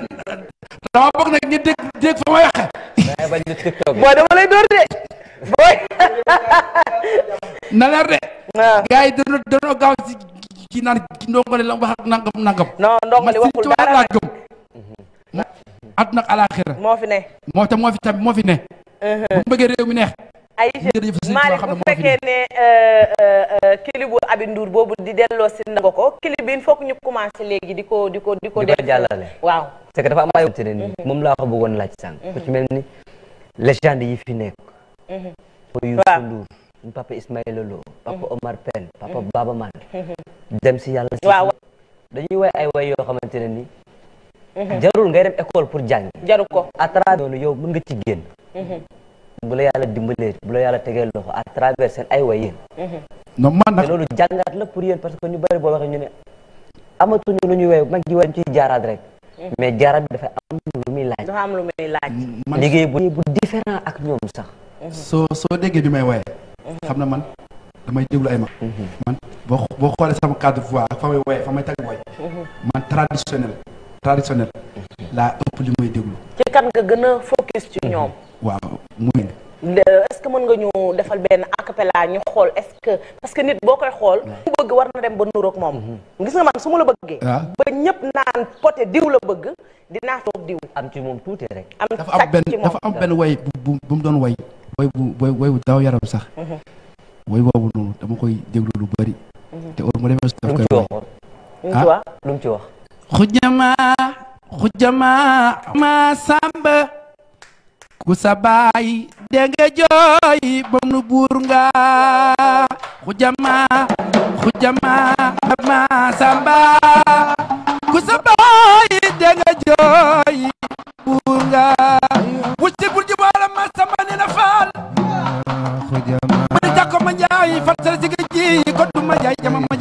dama bokk nag ñu dégg dégg fa ma yàqee. bañ na tiktok booy dama lay door de booy. na leer ah. gaaw si kii naan ndongole la wax ak nangam nangam. non ndongole waxul ma si ci wàllu laa gëm. Mhm. àdduna ak alaaxira moo fi ne moo te moo fi tam moo fi ne bu bëggee réew mi neex ay Malick bu fekkee ne kilibu euh, euh, euh, Abi Ndour boobu di delloo si na nga ko kilib bi foog ñu commencé léegi di ko di ko di ko jàllale waaw c'est que dafa am ay ne ni moom laa ko bëggoon laaj sànq ku ci mel ni légende yi fi nekk fo Youssou Ndour papa Ismaïla Lo papa Omar Pène papa Baba Maal dem si yàlla si dañuy way ay way yoo xamante ne ni Mhm. jarul ngay dem école pour jàng. jaru ko à travers loolu yow mën nga ci génn. Mhm. bu la yàlla dimbalee bu la yàlla tegee loxo à travers seen ay way yéen. Mhm. non man nag loolu jàngat la pour yéen parce que ñu bari boo waxee ñu ne amatuñu lu ñuy wey mag ji wey ñu ciy jaaraat rek. mais jaaraat bi am lu muy laaj. liggéey bu différent ak ñoom sax. soo soo déggee bi may woyee. xam na man damay déglu ay mag. boo xoolee sama cadre voix ak fa may woyee traditionnel laa ëpp li may déglu. ci kan nga gën a focus ci mhm. ñoom. waaw muy. est-ce que mën nga ñu defal benn acapella ñu xool est-ce que parce que nit boo koy xool. ku bëgg war na dem ba nuroog moom. Mhm. gis nga man su la bëggee. Ah. ba ñëpp naan poté diw la bëgg dinaa toog diw. am ci moom tuuti rek. am dafa am benn dafa am benn way bu bu mu doon way. way bu daw yaram sax. Mhm. way boobu noonu dama koy déglu lu bari. te heure mu demee daf koy way. Ah? lu mu ci wax. xujama xujama ma samba ku sa baay denge jooy nu buur nga xujama xujama ma samba ku sa baay denge jooy nga wucci bul jibaala ma samba ne na faal xujama mu ne jakko ma njaay farsal sigi ji ko duma njaay jama ma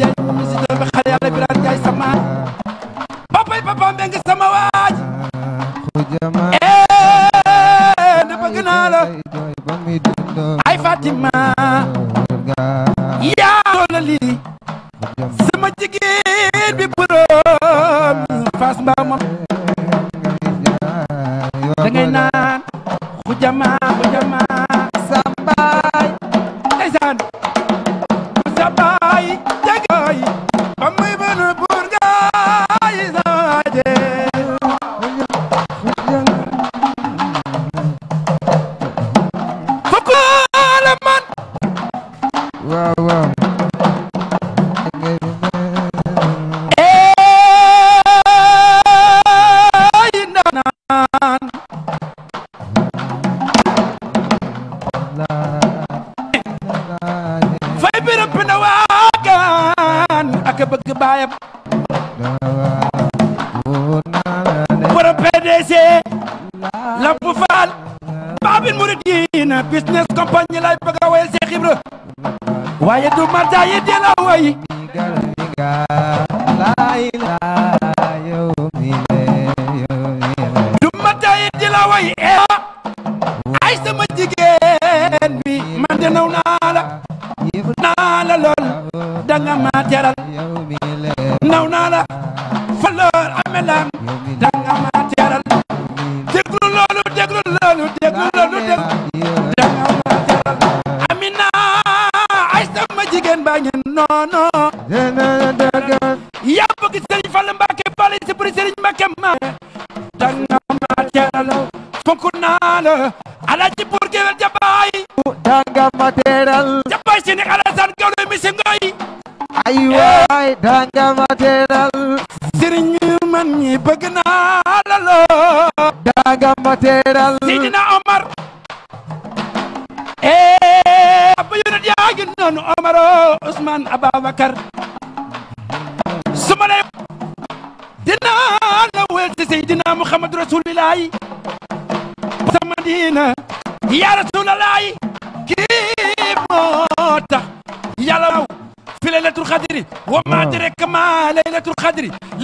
Fatima yaa doona lii sama jigéen bi borom fas mbaa moom dangay naa baayam borom PDC Lamp Fall Babine Mouridina business lay bëgg a wayal Cheikh Ibra du marda yi dee la ka nga ma teral man ñi bëgg na la loo ka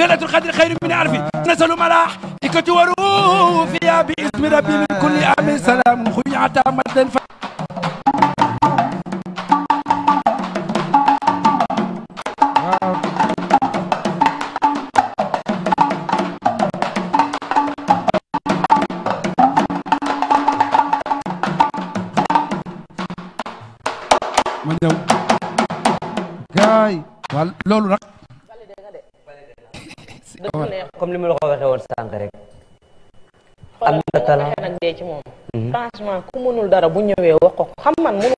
ليلة القدر خير من ألف نسأل ملاح إكتوروا فيها باسم ربي yëgul dara bu ñëwee wax ko xam ma mën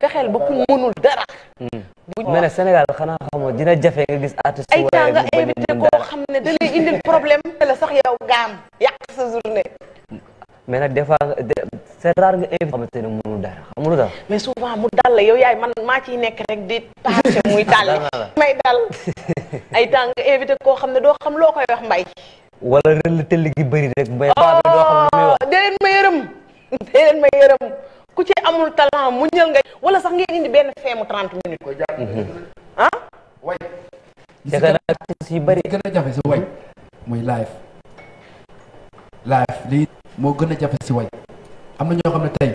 tax mm. ba ku mënul dara mm. mais nag Sénégal xanaa xamoo dina jafe nga gis artiste ay temps nga invité koo xam ne da lay indil problème la sax sa journée mais nag des fois c'est rare nga invité xamante ne mënul dara xamul dara mais mu dal la yow yaay man maa ciy nekk rek di passé muy dal may dal ay temps nga invité koo xam ne doo xam loo koy wax mbay wala ren la tëll gi bëri rek mbay baax na doo xam oh, dee ma yërëm dee ma yërëm ku ci amul talent mu ñël nga wala sax ngeen indi benn feemu trente minutes koy jàpp mhm. ah way yaakaar naa artiste a jafe si way mooy live live lii moo gën a jafe si way am na ñoo xam ne tey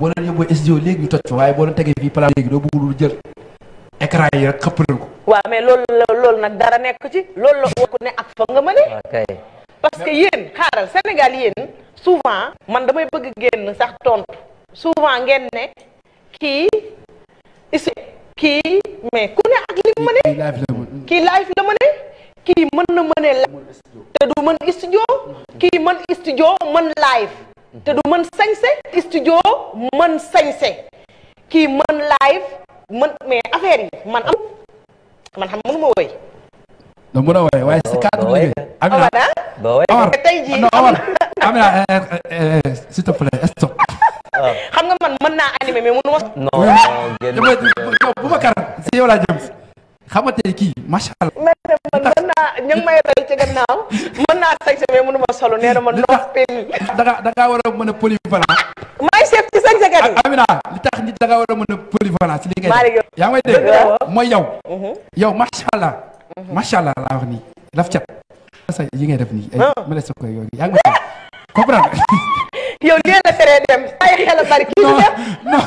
boo leen yóbboo studio léegi ñu toj fa waaye boo leen tegee fii plan léegi doo bëgg lu jël écran yi rek xëpp nañ ko. waaw mais loolu loolu nag dara nekk ci loolu la woo ko ne ak fa nga mënee. parce que yéen xaaral Sénégal yéen souvent man damay bëgg génn sax tontu souvent ngeen ne kii is kii mais ku ne ak li mu mënee. kii live la mënee. kii mën na mënee live te du mën studio. kii mën studio mën live. te du man sañse studio mën sañse kii mën live. man mais man am man xam mënu ma woy da mën a si cadre liggéey Amina Amar ah? tey jii nga man mën naa animer mais mënu ma non si yow laa jëm xamante ne kii macha allah. man ma solo a a polyvalent. maay chef ci sañse kat yi. Amina li da nga war a mën a polyvalent si li mhm. allah. Mhm. macha laa wax nii laf cat. yi ngay def nii ay ah. sa koy yooyu yaa ngi may comprendre yow lii la teree dem bàyyi xel a bari kii du dem non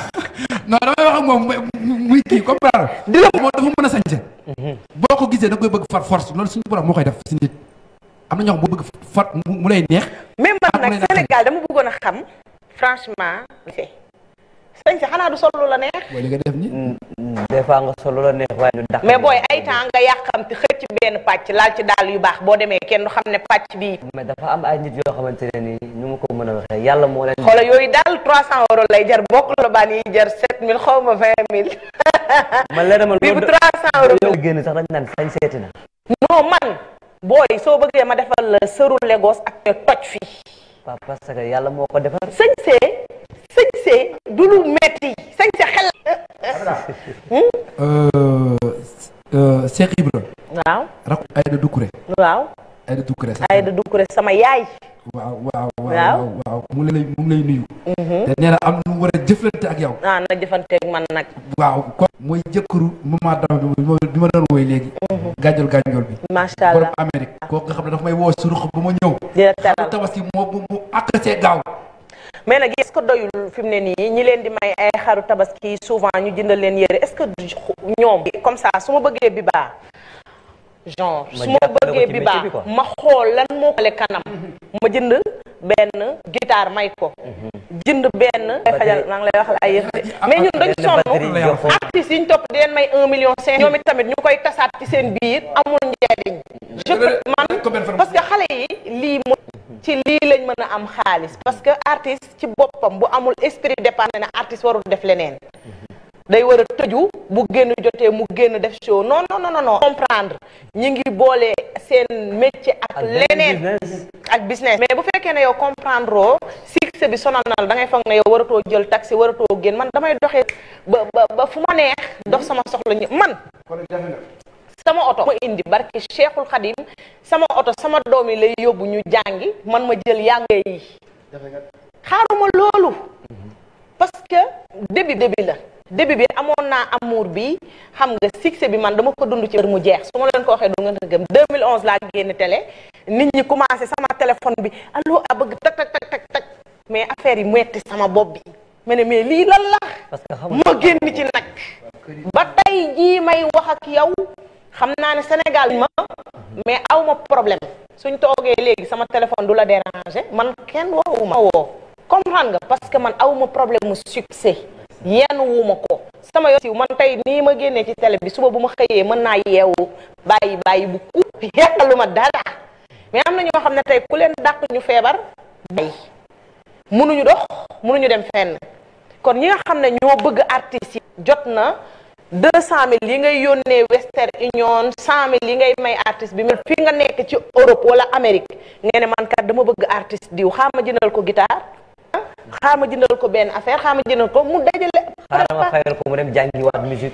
non damay wax ak moom muy kii comprendre moom dafa mën a sañse boo ko gisee na koy bëgg far force loolu suñu borom moo koy def si nit am na ñoo xam boo bëgg far mu lay neex même man nag Sénégal dama bëggoon a xam franchement sañ si xanaa du sol la neex. booy li nga def nii. Mm, mm. des fois nga sol lu la neex waaye du. mais booy ay temps nga yàqamti xëcc benn pàcc laal ci daal yu baax boo demee kenn du xam ne pàcc bii. mais dafa am ay nit yoo xamante ne ñu ma ko mën a waxee yàlla moo leen. xoolal yooyu daal 300 euros lay jar bokk la baan yi jar 7000 xaw ma 20000. man la dama loolu bii bu 300 euros. génn sax dañ naan sañ na. non man booy soo bëggee ma defal la sëru Lagos ak toj fii. waaw parce yàlla moo ko defar sañse sañse du lu sañse xel euh, euh, Cheikh Ibra waaw rakku Aïda Doucouré waaw Aïda Doucouré sama yaay waaw waaw waaw waaw mu ngi lay mu lay nuyu. Mm-hmm. te nee am nu war a jëflante ak yow. Ah, na jëflante ak man nag. waaw kon mooy jëkkëru maman dama bi ma mm-hmm. bi ma doon woy léegi. gànjol gànjol bi. macha allah borom Amérique kooku nga xam ne dafa may woo surux ba ma ñëw. xam tabaski moo bu mu àqasee gaaw. mais nag est doyul fi ne nii ñi leen di may ay xaru tabaski souvent ñu jëndal leen yére est-ce que ñoom. comme ça su ma bëggee bi baax genre su ma bëggee bi baax ma xool lan moo xale kanam ma jënd benn guitare may ko mhm. jënd benn xajal maa ngi lay waxal ay yëf ah, mais ñun dañ sonn artistes yi ñu topp may million cinq ñoom it tamit ñu koy tasaat ci seen biir amul njariñ je man parce que xale yi lii mooy ci lii lañ mën a am xaalis parce que artiste ci boppam bu amul esprit dépassé na artiste warul def leneen mhm. day war a tëju bu génn jotee mu génn def show non non non non comprendre ñu ngi boole seen métier ak leneen ak business mais bu fekkee ne yow comprendre oo succès bi sonal na la da ngay foog ne waratoo jël tax taxi waratoo génn man damay doxe ba ba ba fu ma neex dox sama soxla man sama oto ma indi barki Cheikhul Khadim sama oto sama doom yi lay yóbbu ñu jàngi man ma jël yàngee yi xaaruma loolu parce que début début la début bi amoon naa amour bi xam nga succès bi man dama ko dund ci mu jeex su ma leen ko waxee du nga ko gëm 2011 laa génn télé nit ñi commencé sama téléphone bi allo a bëgg tak tak tak tak mais affaire yi metti sama bopp bi ma ne mais lii lan la. parce que ma génn ci nag. ba tey jii may wax ak yow xam naa ne Sénégal ma mais aw ma problème suñ toogee léegi sama téléphone du la déranger man kenn woowu ma woo comprendre nga parce que man aw problème mu succès. yenn wu ma ko sama yoon siiw man tey nii ma génnee ci tele bi suba bu ma xëyee mën naa yeewu bàyyi bàyyi bu kupp yàqalu ma dara mais am na ñoo xam ne tey ku leen dàq ñu feebar bay mënuñu dox mënuñu dem fenn kon ñi nga xam ne ñoo bëgg artistes jot na dë cent mille yi ngay yónnee Western Union cent mille yi ngay may artiste bi mel fi nga nekk ci Europe wala Amérique nga ne man kat dama bëgg artiste diw xaama jëndal ko guitare xaama jëndal ko benn affaire a jëndal ko mu dajale. xaaral ma fayal ko mu dem jàngiwaat musique.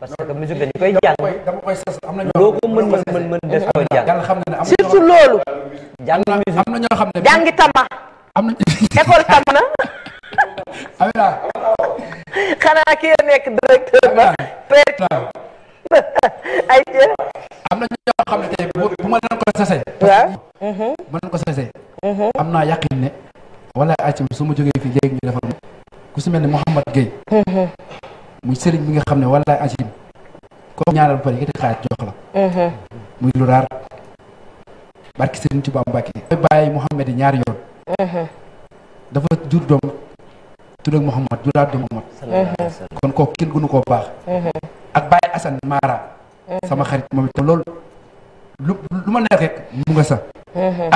parce que musique dañu koy jàng. dama koy sas am na loo jàng. loolu. jàng musique am na ñoo xam ne jàngi tama. am na école tam na. ñoo xam ne tey bu ma leen ko sasee. waaw. ma leen ko sasee. Mm-hmm. Mm-hmm. am naa yàqin ne. wala acim su ma jógee fii léegi ñu defal ku si mel ne Mouhamad Gueye muy sëriñ bi nga xam ne wala acim ko ñaanal ba pare yëkkati xaaj jox la muy lu raar barki sëriñ Tuubaa Mbàkke mooy bàyyi Mouhamad yi ñaari yoon dafa jur doom tudd ak Mouhamad juraat doom Mouhamad kon kooku kenn gënu koo baax ak Baye Assane Mara sama xarit moom itam loolu lu ma neex rek mu nga sax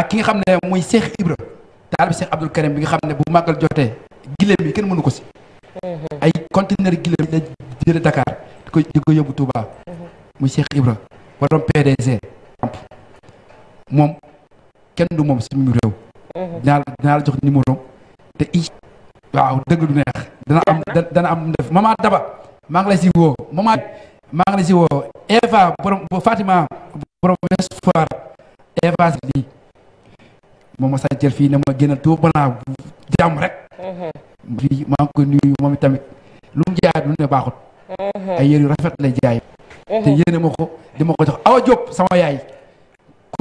ak ki nga xam ne muy Cheikh Ibra taalibe Cheikh Abdoul Karim bi nga xam ne bu màggal jotee gileem yi kenn mënu ko si. Mhm. ay conteneur gileem la jële Dakar di ko di ko yóbbu Touba. Mhm. muy Cheikh Ibra borom PDG. moom kenn du moom si mu réew. Mhm. dinaa la jox numéro te i waaw dëgg du neex. dana am dana am def maman Daba maa ngi lay si woo maman maa ngi lay si woo Eva borom Fatima borom Espoir Eva si moom ma sàccal fii ne ma génnal tout balaa jàmm rek. Mm-hmm. fii maa ngi koy nuyu moom tamit lu mu jaay lu ne baaxut. Mm-hmm. a yére yu rafet lay jaay. Mm-hmm. te yéene ma ko di ma ko jox Awa sama yaay.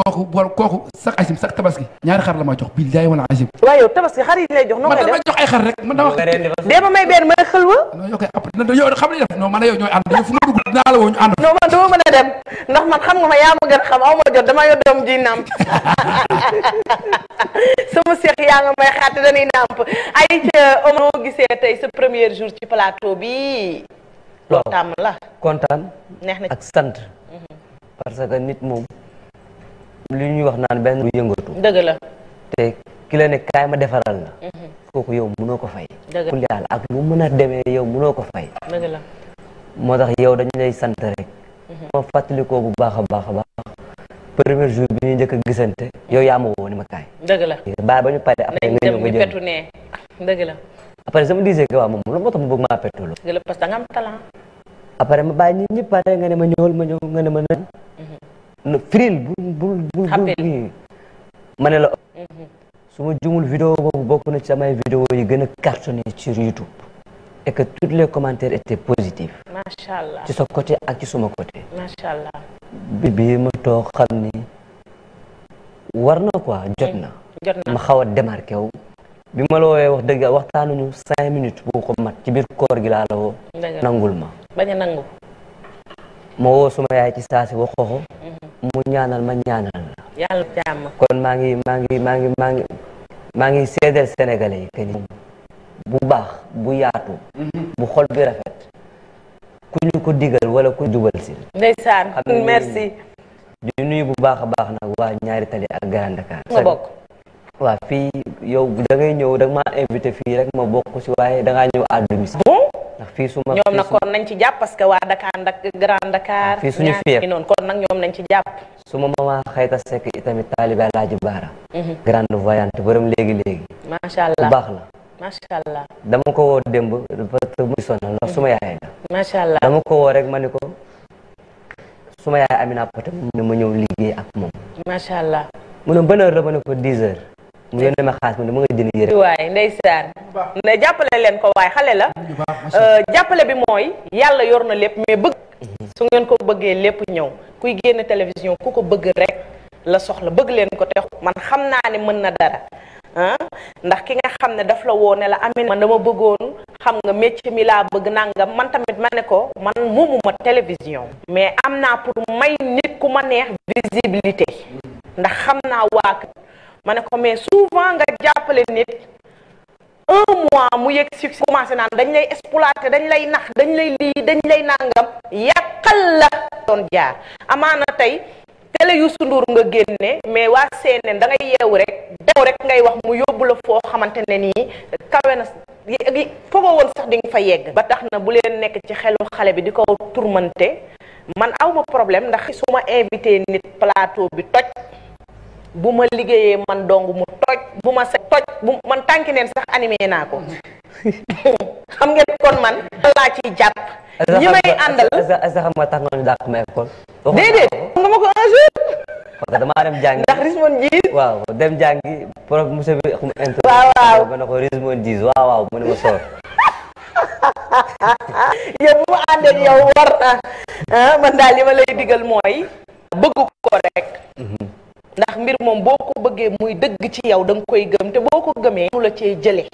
kooku wala kooku sax asim sax tabaski ñaari xar la ma jox billahi wala asim waaw yow tabaski xar yi lay jox noo koy def man dama jox ay xar rek man dama dee ma may benn may xëlwa non yow kay après yow xam nga def non man yow ñooy ànd yow fu ma dugg dinaa la woo ñu ànd non man dama mën a dem ndax man xam nga ma yaa ma gën xam aw ma jot dama yor doom ji nàmp sama seex yaa nga may xaati dañuy nàmp ay ca Omar gisee tey sa premier jour ci plateau bi loolu tàmm la kontaan neex na ak sant mhm. parce que nit moom li ñuy wax naan benn du yëngatu. la te ki la ne kaay ma defaral la. Mhm. kooku yow mënoo ko fay. dëgg la a demee la moo tax yow dañu sant rek. Mhm. ma fàttali ko bu baax a baax a baax. premier jour bi ñu njëkk a gisante yow yaa ma woo ni ma kaay. dëgg ba ñu pare nga ñëw nga jël ma bàyyi nga ne ma ñëwal le fril bul bul bul bul ma ne la mhm. su ma jumul vidéo boobu bokk na ci samay vidéo yi gën a cartonné sur YouTube et que tous les commentaires étaient positifs macha allah ci sa côté ak ci suma côté macha allah bi bi ma toog xam ni war na quoi jot na mm, ma xaw a démarqué wu bi ma la wooyee wax dëgg waxtaanuñu cinq minutes bu ko mat ci biir koor gi laa la woo nangul ma bañ a nangu ma woo suma yaay ci saasi waxoo ko mu ñaanal ma ñaanal yàlla jàmm kon maa ngi maa ngi maa ngi maa ngi maa ngi seedeel sénégalais yi bu baax bu yaatu mhm. bu xol bi rafet ku ñu ko digal wala ku jubal si ndeysaan merci di nuyu bu baax a baax nag waa ñaari tali ak Grand Dakar nga bokk waa fii yow da ngay ñëw da nga maa invité fii rek ma bokk si waaye da ngaa ñëw à domicile bon ndax fii su ma ñoom nag kon nañ ci jàpp parce que waa Dakar ndak Grand Dakar. fii suñu fii noonu kon nag ñoom nañ ci jàpp. su ma mama Xayta Seck itamit taalibe Alaaji Baara. Mhm. grande voyante borom léegi léegi. macha allah allah dama ko woo démb parce que muy sonal ndax mhm. suma yaay la. macha allah dama ko woo rek ma ni ko suma yaay Amina Poté mu ne ma ñëw liggéey ak moom. macha allah mu ne ban la ma ne ko dix heures. mu yónnee ma xaalis mu ne nga jënd yére waaye ndeysaan ne jàppale leen ko waaye xale la euh, jàppale bi mooy yàlla yor na lépp mais bëgg mhm. su ngeen ko bëggee lépp ñëw kuy génn télévision ku ko bëgg rek la soxla bëgg leen ko te man xam naa ne mën na dara ah, ndax ki nga xam ne daf la woone la la amee man dama bëggoon xam nga métier mi laa bëgg nangam man tamit ma ne ko man moomuma télévision mais am naa pour may nit ku ma neex visibilité mhm. ndax xam naa waa ma ne ko mais souvent nga jàppale nit un mois mu yëg si commencé naan dañ lay exploité dañ lay nax dañ lay lii dañ lay nangam yàqal la doon jaar amaana tey télé Youssou Ndour nga génne mais waa CNN da ngay yeewu rek dew ngay wax mu yóbbu la foo xamante ne nii kawe na foogoo woon sax di nga fa yegg ba tax na bu leen nekk ci xelu xale bi di ko turmante man awma problème ndax su ma invité nit plateau bi toj bu ma liggéeyee man dong mu toj bu ma set toj man tànki neen sax animé naa ko xam ngeen kon man laa ciy jàpp ñi may àndal est-ce tax nga ñu dàq ma école déedéet xam nga ma ko un damaa dem jàngi ndax Rismon Diis waaw waaw waaw ma ko Rismon Diis waaw waaw mu ne ma soor yow bu ma àndee yow war na ah, man daal li ma lay digal mooy bëgg ko rek mhm. ndax mbir moom boo ko bëggee muy dëgg ci yow da koy gëm te boo ko gëmee mu la cee jële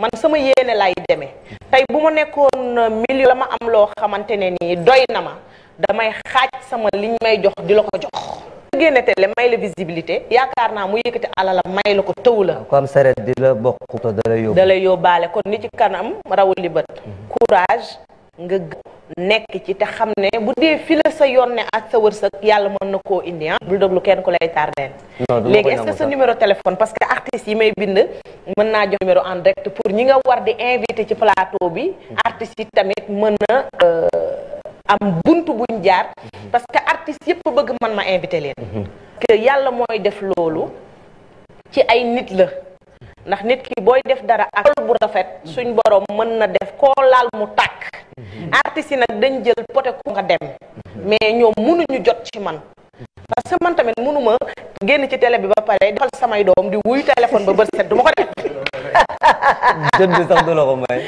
man sama yéene lay demee tey bu ma nekkoon million la ma am loo xamante ne nii doy na ma damay xaaj sama liñ may jox di la ko jox génne télé may la visibilité yaakaar naa mu yëkkati alala may la ko tëw la comme saret di la bokk da lay yóbbaale kon ni ci kanam rawuli bët mm-hmm. courage nga nekk ci te xam ne bu dee fi la sa yoon ne ak sa wërsëg yàlla mën na koo indi bu ah. bul déglu kenn ku lay tardeel léegi est sa numéro téléphone parce que artistes yi may bind mën naa jox numéro en direct pour ñi nga war di invité ci plateau bi. Hmm. artistes yi tamit mën na euh, am bunt buñ jaar. Hmm. parce que artistes yëpp bëgg man ma invité leen. Hmm. que yàlla mooy def loolu ci ay nit la. ndax nit ki booy def dara ak xol bu rafet suñ borom mën na def koo laal mu tàkk mhm. artiste yi nag dañ jël poté ku nga dem mhm. mais ñoom mënuñu jot ci man parce que man tamit mënuma génn ci télé bi ba pare defal samay doom di wuyu téléphone ba bët set du ma ko def. jënd sax du la ko may.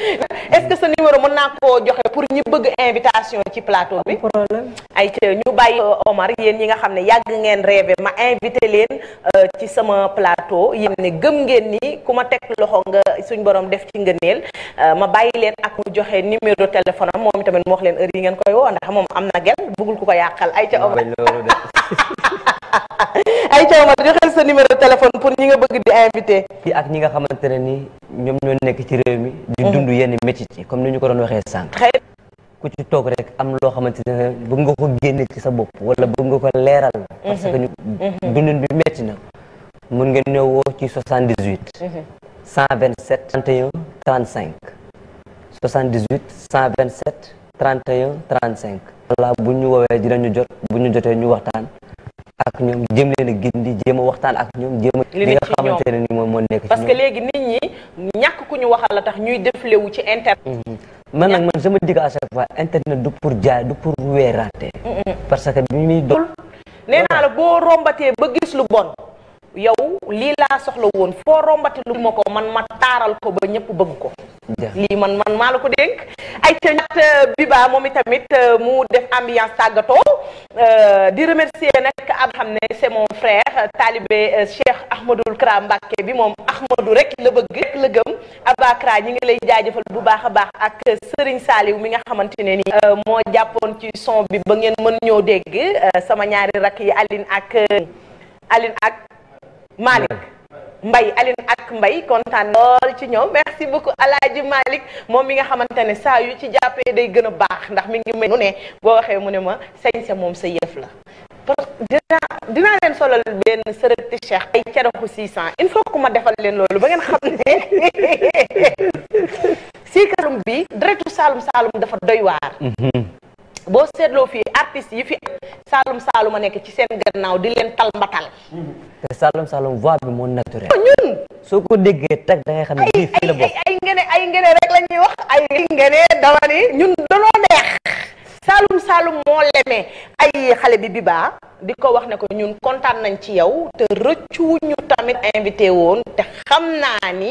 est sa numéro mën naa koo joxe pour ñu bëgg invitation ci plateau bi. problème ay ca ñu bàyyi Omar yéen ñi nga xam ne yàgg ngeen rêvé ma invité leen euh, ci sama plateau yéen ne gëm ngeen ni ku ma teg loxo nga suñ borom def ci ngëneel euh, ma bàyyi leen ak mu joxe numéro téléphone am moom tamit mu wax leen heure yi ngeen koy woo ndax moom am na gel bëggul ko ko yàqal ay ay Omar joxeel sa numéro téléphone pour ñi nga bëgg di invité. ak ñi nga xamante ne ni ñoom ñoo nekk ci réew mi. di mhm. dund yenn métier ci comme ni ñu ko doon waxee sànq. ku ci toog rek am loo xamante ne bëgg nga ko génne ci sa bopp wala bëgg nga ko leeral. Mhm. parce que ñu mhm. dundin bi métti na. mën nga ñëw woo ci 78. 127 31 35. 78 127 31 35. walla bu ñu woowee dinañu jot bu ñu jotee ñu waxtaan. ak ñoom jéem leen a gindi jéem a waxtaan ak ñoom jéem li nga xamante ne ni moom moo nekk ci parce que léegi nit ñi ñàkk ku ñu waxal la tax ñuy deflewu ci internet mm-hmm. man nag man sama digg à chaque fois internet du pour jaay du pour weeraate parce que bi muy dool nee naa la boo rombatee ba gis lu bon yow lii laa soxla woon foo rombati lu ma ko man ma taaral ko ba ñëpp bëgg ko lii man man maa la ko dénk ay ca ñatt Biba moom itamit euh, mu def ambiance tàggatoo euh, di remercier nag ab xam ne c'est mon frère talibé euh, Cheikh Ahmadoul Kra Mbacké bi moom Ahmadou rek la bëgg rek la gëm Abakra ñi ngi lay jaajëfal bu baax a baax ak Serigne Saliou mi nga xamante ne ni moo jàppoon ci son bi ba ngeen mën ñoo dégg sama ñaari rakk yi Aline ak Aline ak Malick Mbay Aline ak Mbay kontaan lool ci ñoom merci beaucoup Alaaji Malick moom mi nga xamante ne saa yu ci jàppee day gën a baax ndax mi ngi mel nu ne boo waxee mu ne ma sañ sa moom sa yëf la dinaa dinaa leen solal benn sërëg ti cheikh ay caraxu six cent il faut que ma defal leen loolu ba ngeen xam ne siikarum bi deretu saalum saalum dafa doy waar mhm. boo seetloo fii artistes yi fi Saalum Saalum a nekk ci seen gannaaw di leen tal mbatal. te Saalum Saalum voix bi moo naturel. Oh, ñun soo ko déggee tag da ngay xam ne fii fii la bokk ay ay ay ngene ay ngene rek la wax ay ngene dama ni ñun danoo neex. Saalum Saalum moo lemee ay xale bi bibaa di ko wax na ko ñun kontaan nañ ci yow te ñu tamit invité woon te xam naa ni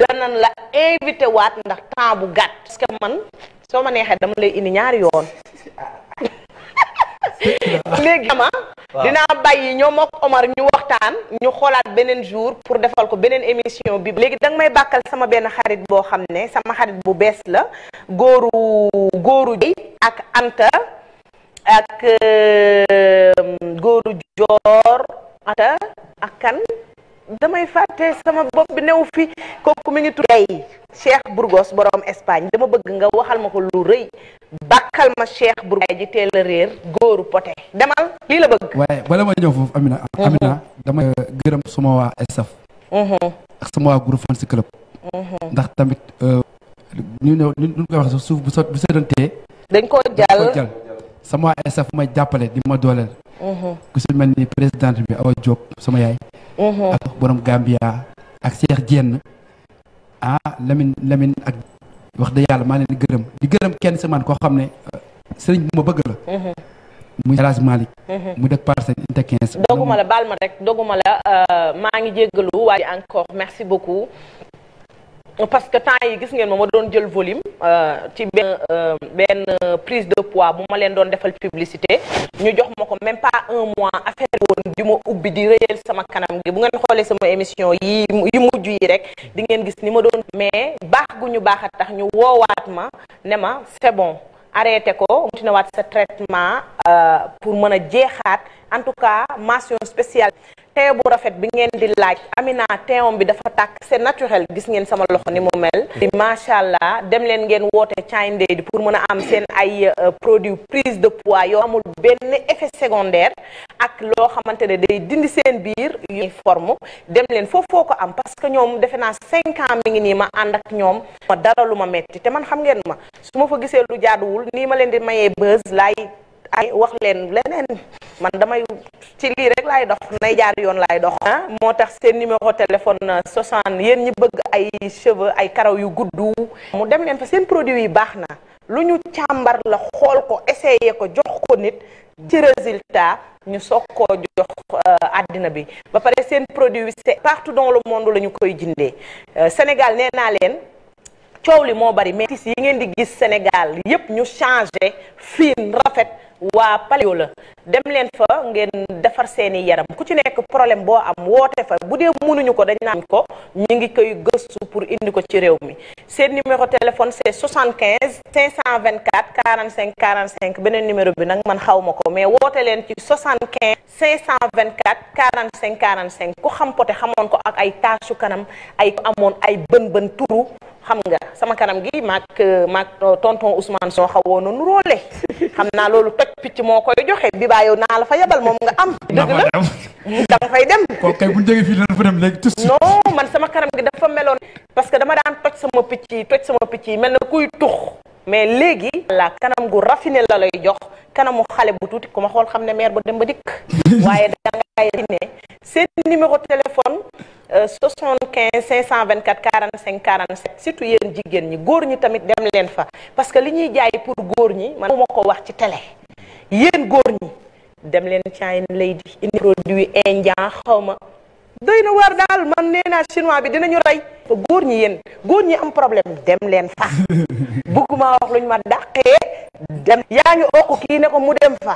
danañ la invité waat ndax temps bu gàtt parce man soo ma neexee dama lay indi ñaari yoon léegi ama dinaa bàyyi ñoom ak Omar ñu waxtaan ñu xoolaat beneen jour pour defal ko beneen émission bi léegi danga may bàkkal sama benn xarit boo xam ne sama xarit bu bees la góoru góoru jëy ak Anta ak euh, góoru joor Anta ak kan damay fàtte sama bopp bi new fi kooku mi ngi tudd Cheikh Burgos borom Espagne dama bëgg nga waxal ma ko lu rëy bàkkal ma Cheikh Burgos ji teel a réer góoru poté demal lii la bëgg waaye bala ma ñëw foofu Amina mhm. Amina dama gërëm suma waa staff mhm. ak sama waa groupe fan mhm. ndax tamit euh, ñu ne ñu koy wax suuf bu sot bu dañ koo jàll sama waa staff may jàppale di ma dooleel ku si mel ni présidente bi Awa Diop sama yaay ak borom Gambia ak Cheikh Dieng ah Lamine Lamine ak wax dëgg yàlla maa leen gërëm di gërëm kenn si koo xam ne euh, sëriñ bu ma bëgg la. muy El Hadj Malick. mu dëkk Parcelles Unité 15. doguma la baal ma rek doguma la euh, maa ngi jéggalu waaye encore merci beaucoup. Euh, parce que temps yi gis ngeen ma ma doon jël volume euh, ci benn euh, benn prise de poids bu ma leen doon defal publicité ñu jox ma ko même pas un mois affaire woon di ma ubbi di réyal sama kanam gi bu ngeen xoolee sama émission yi yu mujj yi rek di ngeen gis ni ma doon mais baax gu ñu baax a tax ñu woowaat ma ne ma c'est bon arrêté ko continué waat sa traitement pour mën a jeexaat en tout cas mention spéciale teew bu rafet bi ngeen di laaj Amina teewam bi dafa tàkk c'est naturel gis ngeen sama loxo ni mu mel di mm. macha allah dem leen ngeen woote Chine Day pour mën a am seen ay euh, produit prise de poids yoo amul benn effet secondaire ak loo xamante ne day dindi seen biir yu forme dem leen foofu foo ko am parce que ñoom defe naa cinq ans mi ngi nii ma ànd ak ñoom ma dara lu ma metti te man xam ngeen ma su ma fa gisee lu jaaduwul nii ma leen di mayee buzz laay ay wax leen leneen man damay ci lii rek laay dox nay jaar yoon laay dox ah moo tax seen numéro téléphone 60 yéen ñi bëgg ay cheveux ay karaw yu guddu mu dem leen fa seen produit yi baax na lu ñu càmbar la xool ko essayer ko jox ko nit ci résultat ñu soog koo jox euh, àddina bi ba pare seen produit yi c'est partout dans le monde la ñu koy jëndee euh, Sénégal nee naa leen coow li moo bari mais tis yi ngeen di gis Sénégal yépp ñu changé fiin rafet waa Paléo la dem leen fa ngeen defar seeni yaram ku ci nekk problème boo am woote fa bu dee mënuñu ko dañ naan ko ñu ngi koy gëstu pour indi ko ci réew mi seen numéro téléphone c'est 75 524 45 45 beneen numéro bi nag man xaw ma ko mais woote leen ci 75 524 45 45 ku xam poté xamoon ko ak ay taasu kanam ay ku amoon ay bën bën turu xam nga sama kanam gi maak maak tonton Ousmane soo xawoon na nu roole xam naa loolu toj picc moo koy joxe bi baa yow naa la fa yebal moom nga am. dëgg la da fay dem. kooku bu ñu jógee fii dana fa dem léegi tout non man sama kanam gi dafa meloon. parce que dama daan toj sama picc yi toj sama picc yi mel na kuy tux mais léegi. la kanam gu raffiné la lay jox kanamu xale bu tuuti ku ma xool xam ne mère ba dem ba dikk. waaye da ngay ne seen numéro téléphone. 75 524 45 47 surtout yéen jigéen ñi góor ñi tamit dem leen fa parce que li ñuy jaay pour góor ñi man ma ko wax ci télé. yéen góor ñi dem leen China lay di indi produit indien xaw na waar daal man nee naa chinois bi dinañu rey góor ñi yéen góor ñi am problème dem leen fa bëgguma wax luñ ma dàqee dem yaa ngi okk kii ne ko mu dem fa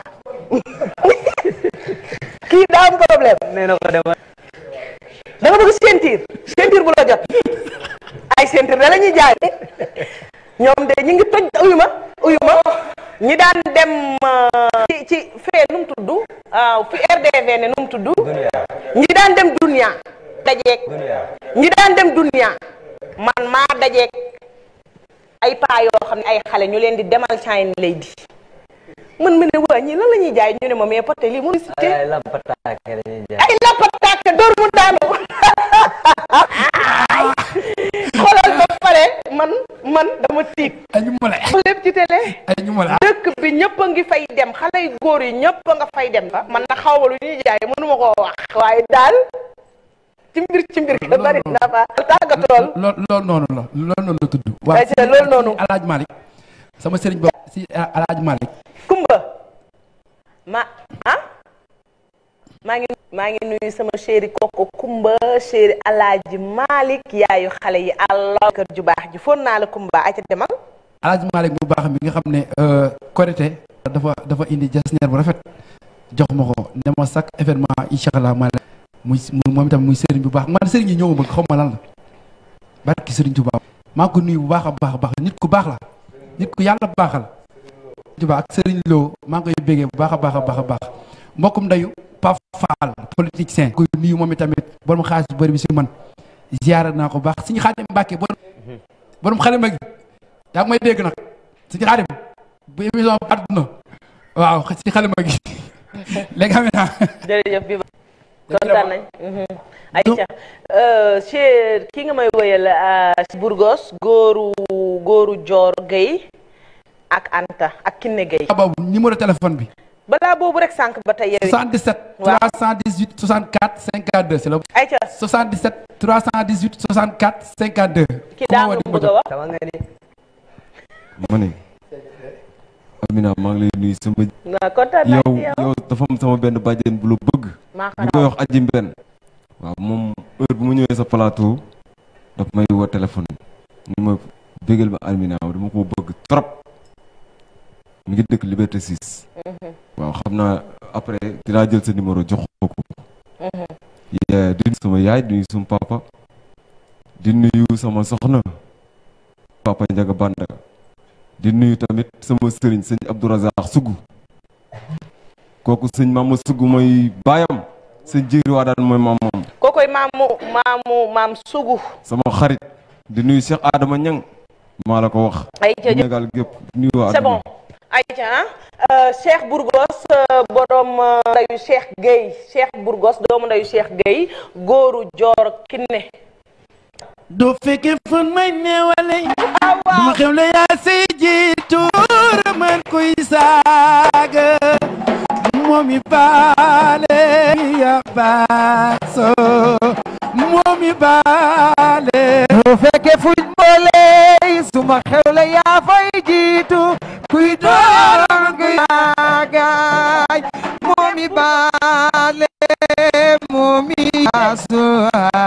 kii daa am problème nee ko demal da nga bëgg sentir sentir bu la jot ay sentir da la ñuy jaay ñoom de ñi ngi toj uyu ma ma oh. ñi daan dem uh, ci ci fee nu mu tudd uh, fi RDV ne nu mu tudd ñi daan dem dunia dajeek ñi daan dem dunia man maa dajeek ay paa yoo xam ne ay xale ñu leen di demal Chine Lady man ma ne waa ñii lan la ñuy jaay ñu ne ma mais poté lii moom ay lampataake door mu daanu man man dama tiit. lépp ci télé. dëkk bi ñëpp a ngi fay dem xale yu góor yi ñëpp a nga fay dem. man na xaw ma lu ñuy jaay mënuma koo wax. waaye daal ci mbir ci mbir. loolu bari na fa tàggatool. loolu noonu la loolu noonu la tudd. waa loolu noonu alaaj Malick sama sëriñ bopp si alaaj Malick. Kumba ma ah? maa ngi maa ngi nuyu sama chéri koko Kumba chéri Alaaji Malick yaayu xale yi allah kër ju baax ji foon naa la Kumba ay ca demal Alaaji Malick bu baax mi nga xam ne euh, korite dafa dafa indi jasneer bu rafet jox ma ko ne ma chaque événement incha allah ma la muy moom itam muy sëriñ bu baax man sëriñ yi ñëw ma xaw ma lan la barki sëriñ Tuubaa maa ko bu baax a baax a baax nit ku baax la nit ku yàlla baaxal Tuubaa ak sëriñ Lo maa ngi koy bégee bu baax a baax a baax a baax mbokkum ndayu Pape Fall politicien ko nuyu moom itamit borom xaalis bu bari bi si man ziyaara naa ko baax suñu Xaadim Mbàkke borom borom xale mag yaa ngi dégg nag suñu Xaadim bu émission àdduna waaw si xale mag xam naa jërëjëf bi kontaan ma mhm. Aïcha euh, chez ki nga may woyal euh, Burgos góoru góoru Joor Gueye ak Anta ak Kiné Gueye numéro téléphone bi balaa boobu rek sànq ba tey yow. 77. waaw 318 64 52 c'est la. ayca 77 318 64 52. ki daa nga bëgg a wax ngi lay nuyu sama. waaw benn bàjjen bu bëgg. maa xam koy wax aji mbenn. waaw moom heure bu mu ñëwee sa plateau. daf may woo téléphone. ni ma bégal ba Amina dama ko bëgg trop. mu ngi dëkk Liberté 6. Mm-hmm. waaw xam naa après dinaa jël sa numéro jox ko ko. Mm-hmm. di nuyu sama yaay di nuyu papa. di nuyu sama soxna. papa Ndiaga Banda. di nuyu tamit sama sëriñ sëñ Abdourazaq Sougou. kooku sëñ Maama Sougou mooy baayam sëñ Jiiri waa daan mooy maamam. kookoy maamu maamu maam Sougou. sama xarit di nuyu Cheikh Adama Niang maa la ko wax. ay gépp nuyu waa. c'est ayca euh, Cheikh Bourgos euh, borom euh, ndayu Cheikh Gueye Cheikh Bourgos doomu ndayu Cheikh Gueye góoru joor kinne du fekke fun may neewale ah, duma xew la yaa say jiitu man kuy saaga moomi baale ya baaso moomi baale fekke fun boole suma xew la yaa fay jiitu kuy doon kuy yaagaay moomi baale moomi asuha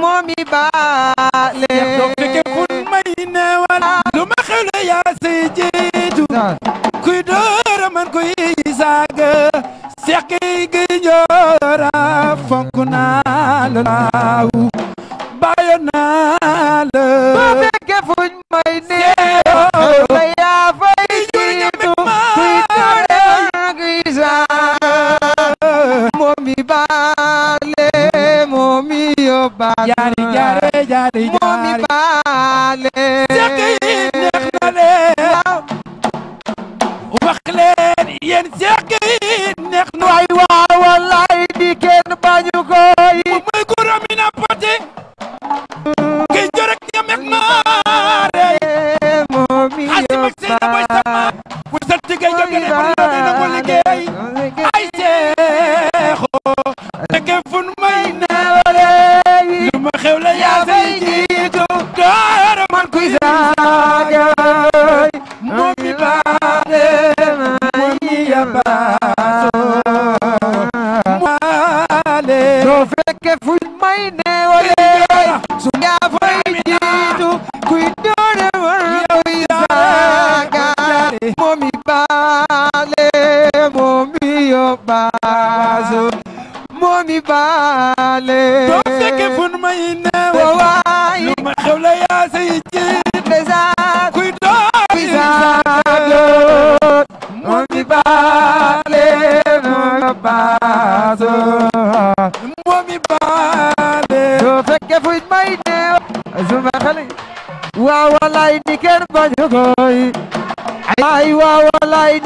moomi baale dokke kun may ne wala lu ma xew la yaa say jiitu kuy doora man kuy saaga sekki gi ñoora fonk naa la laaw bayo naa la wax leen yéen seex yi neex na waay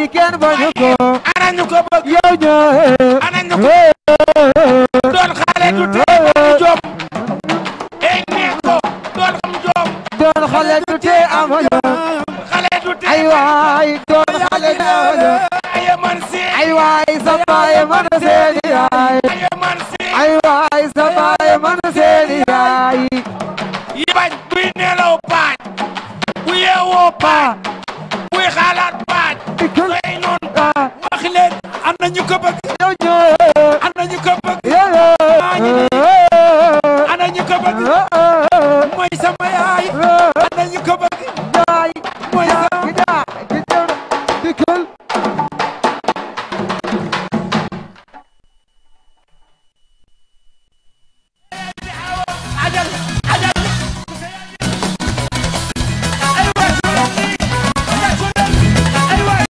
ci kenn bañu ko. ana ñu ko bëgg yow ñëw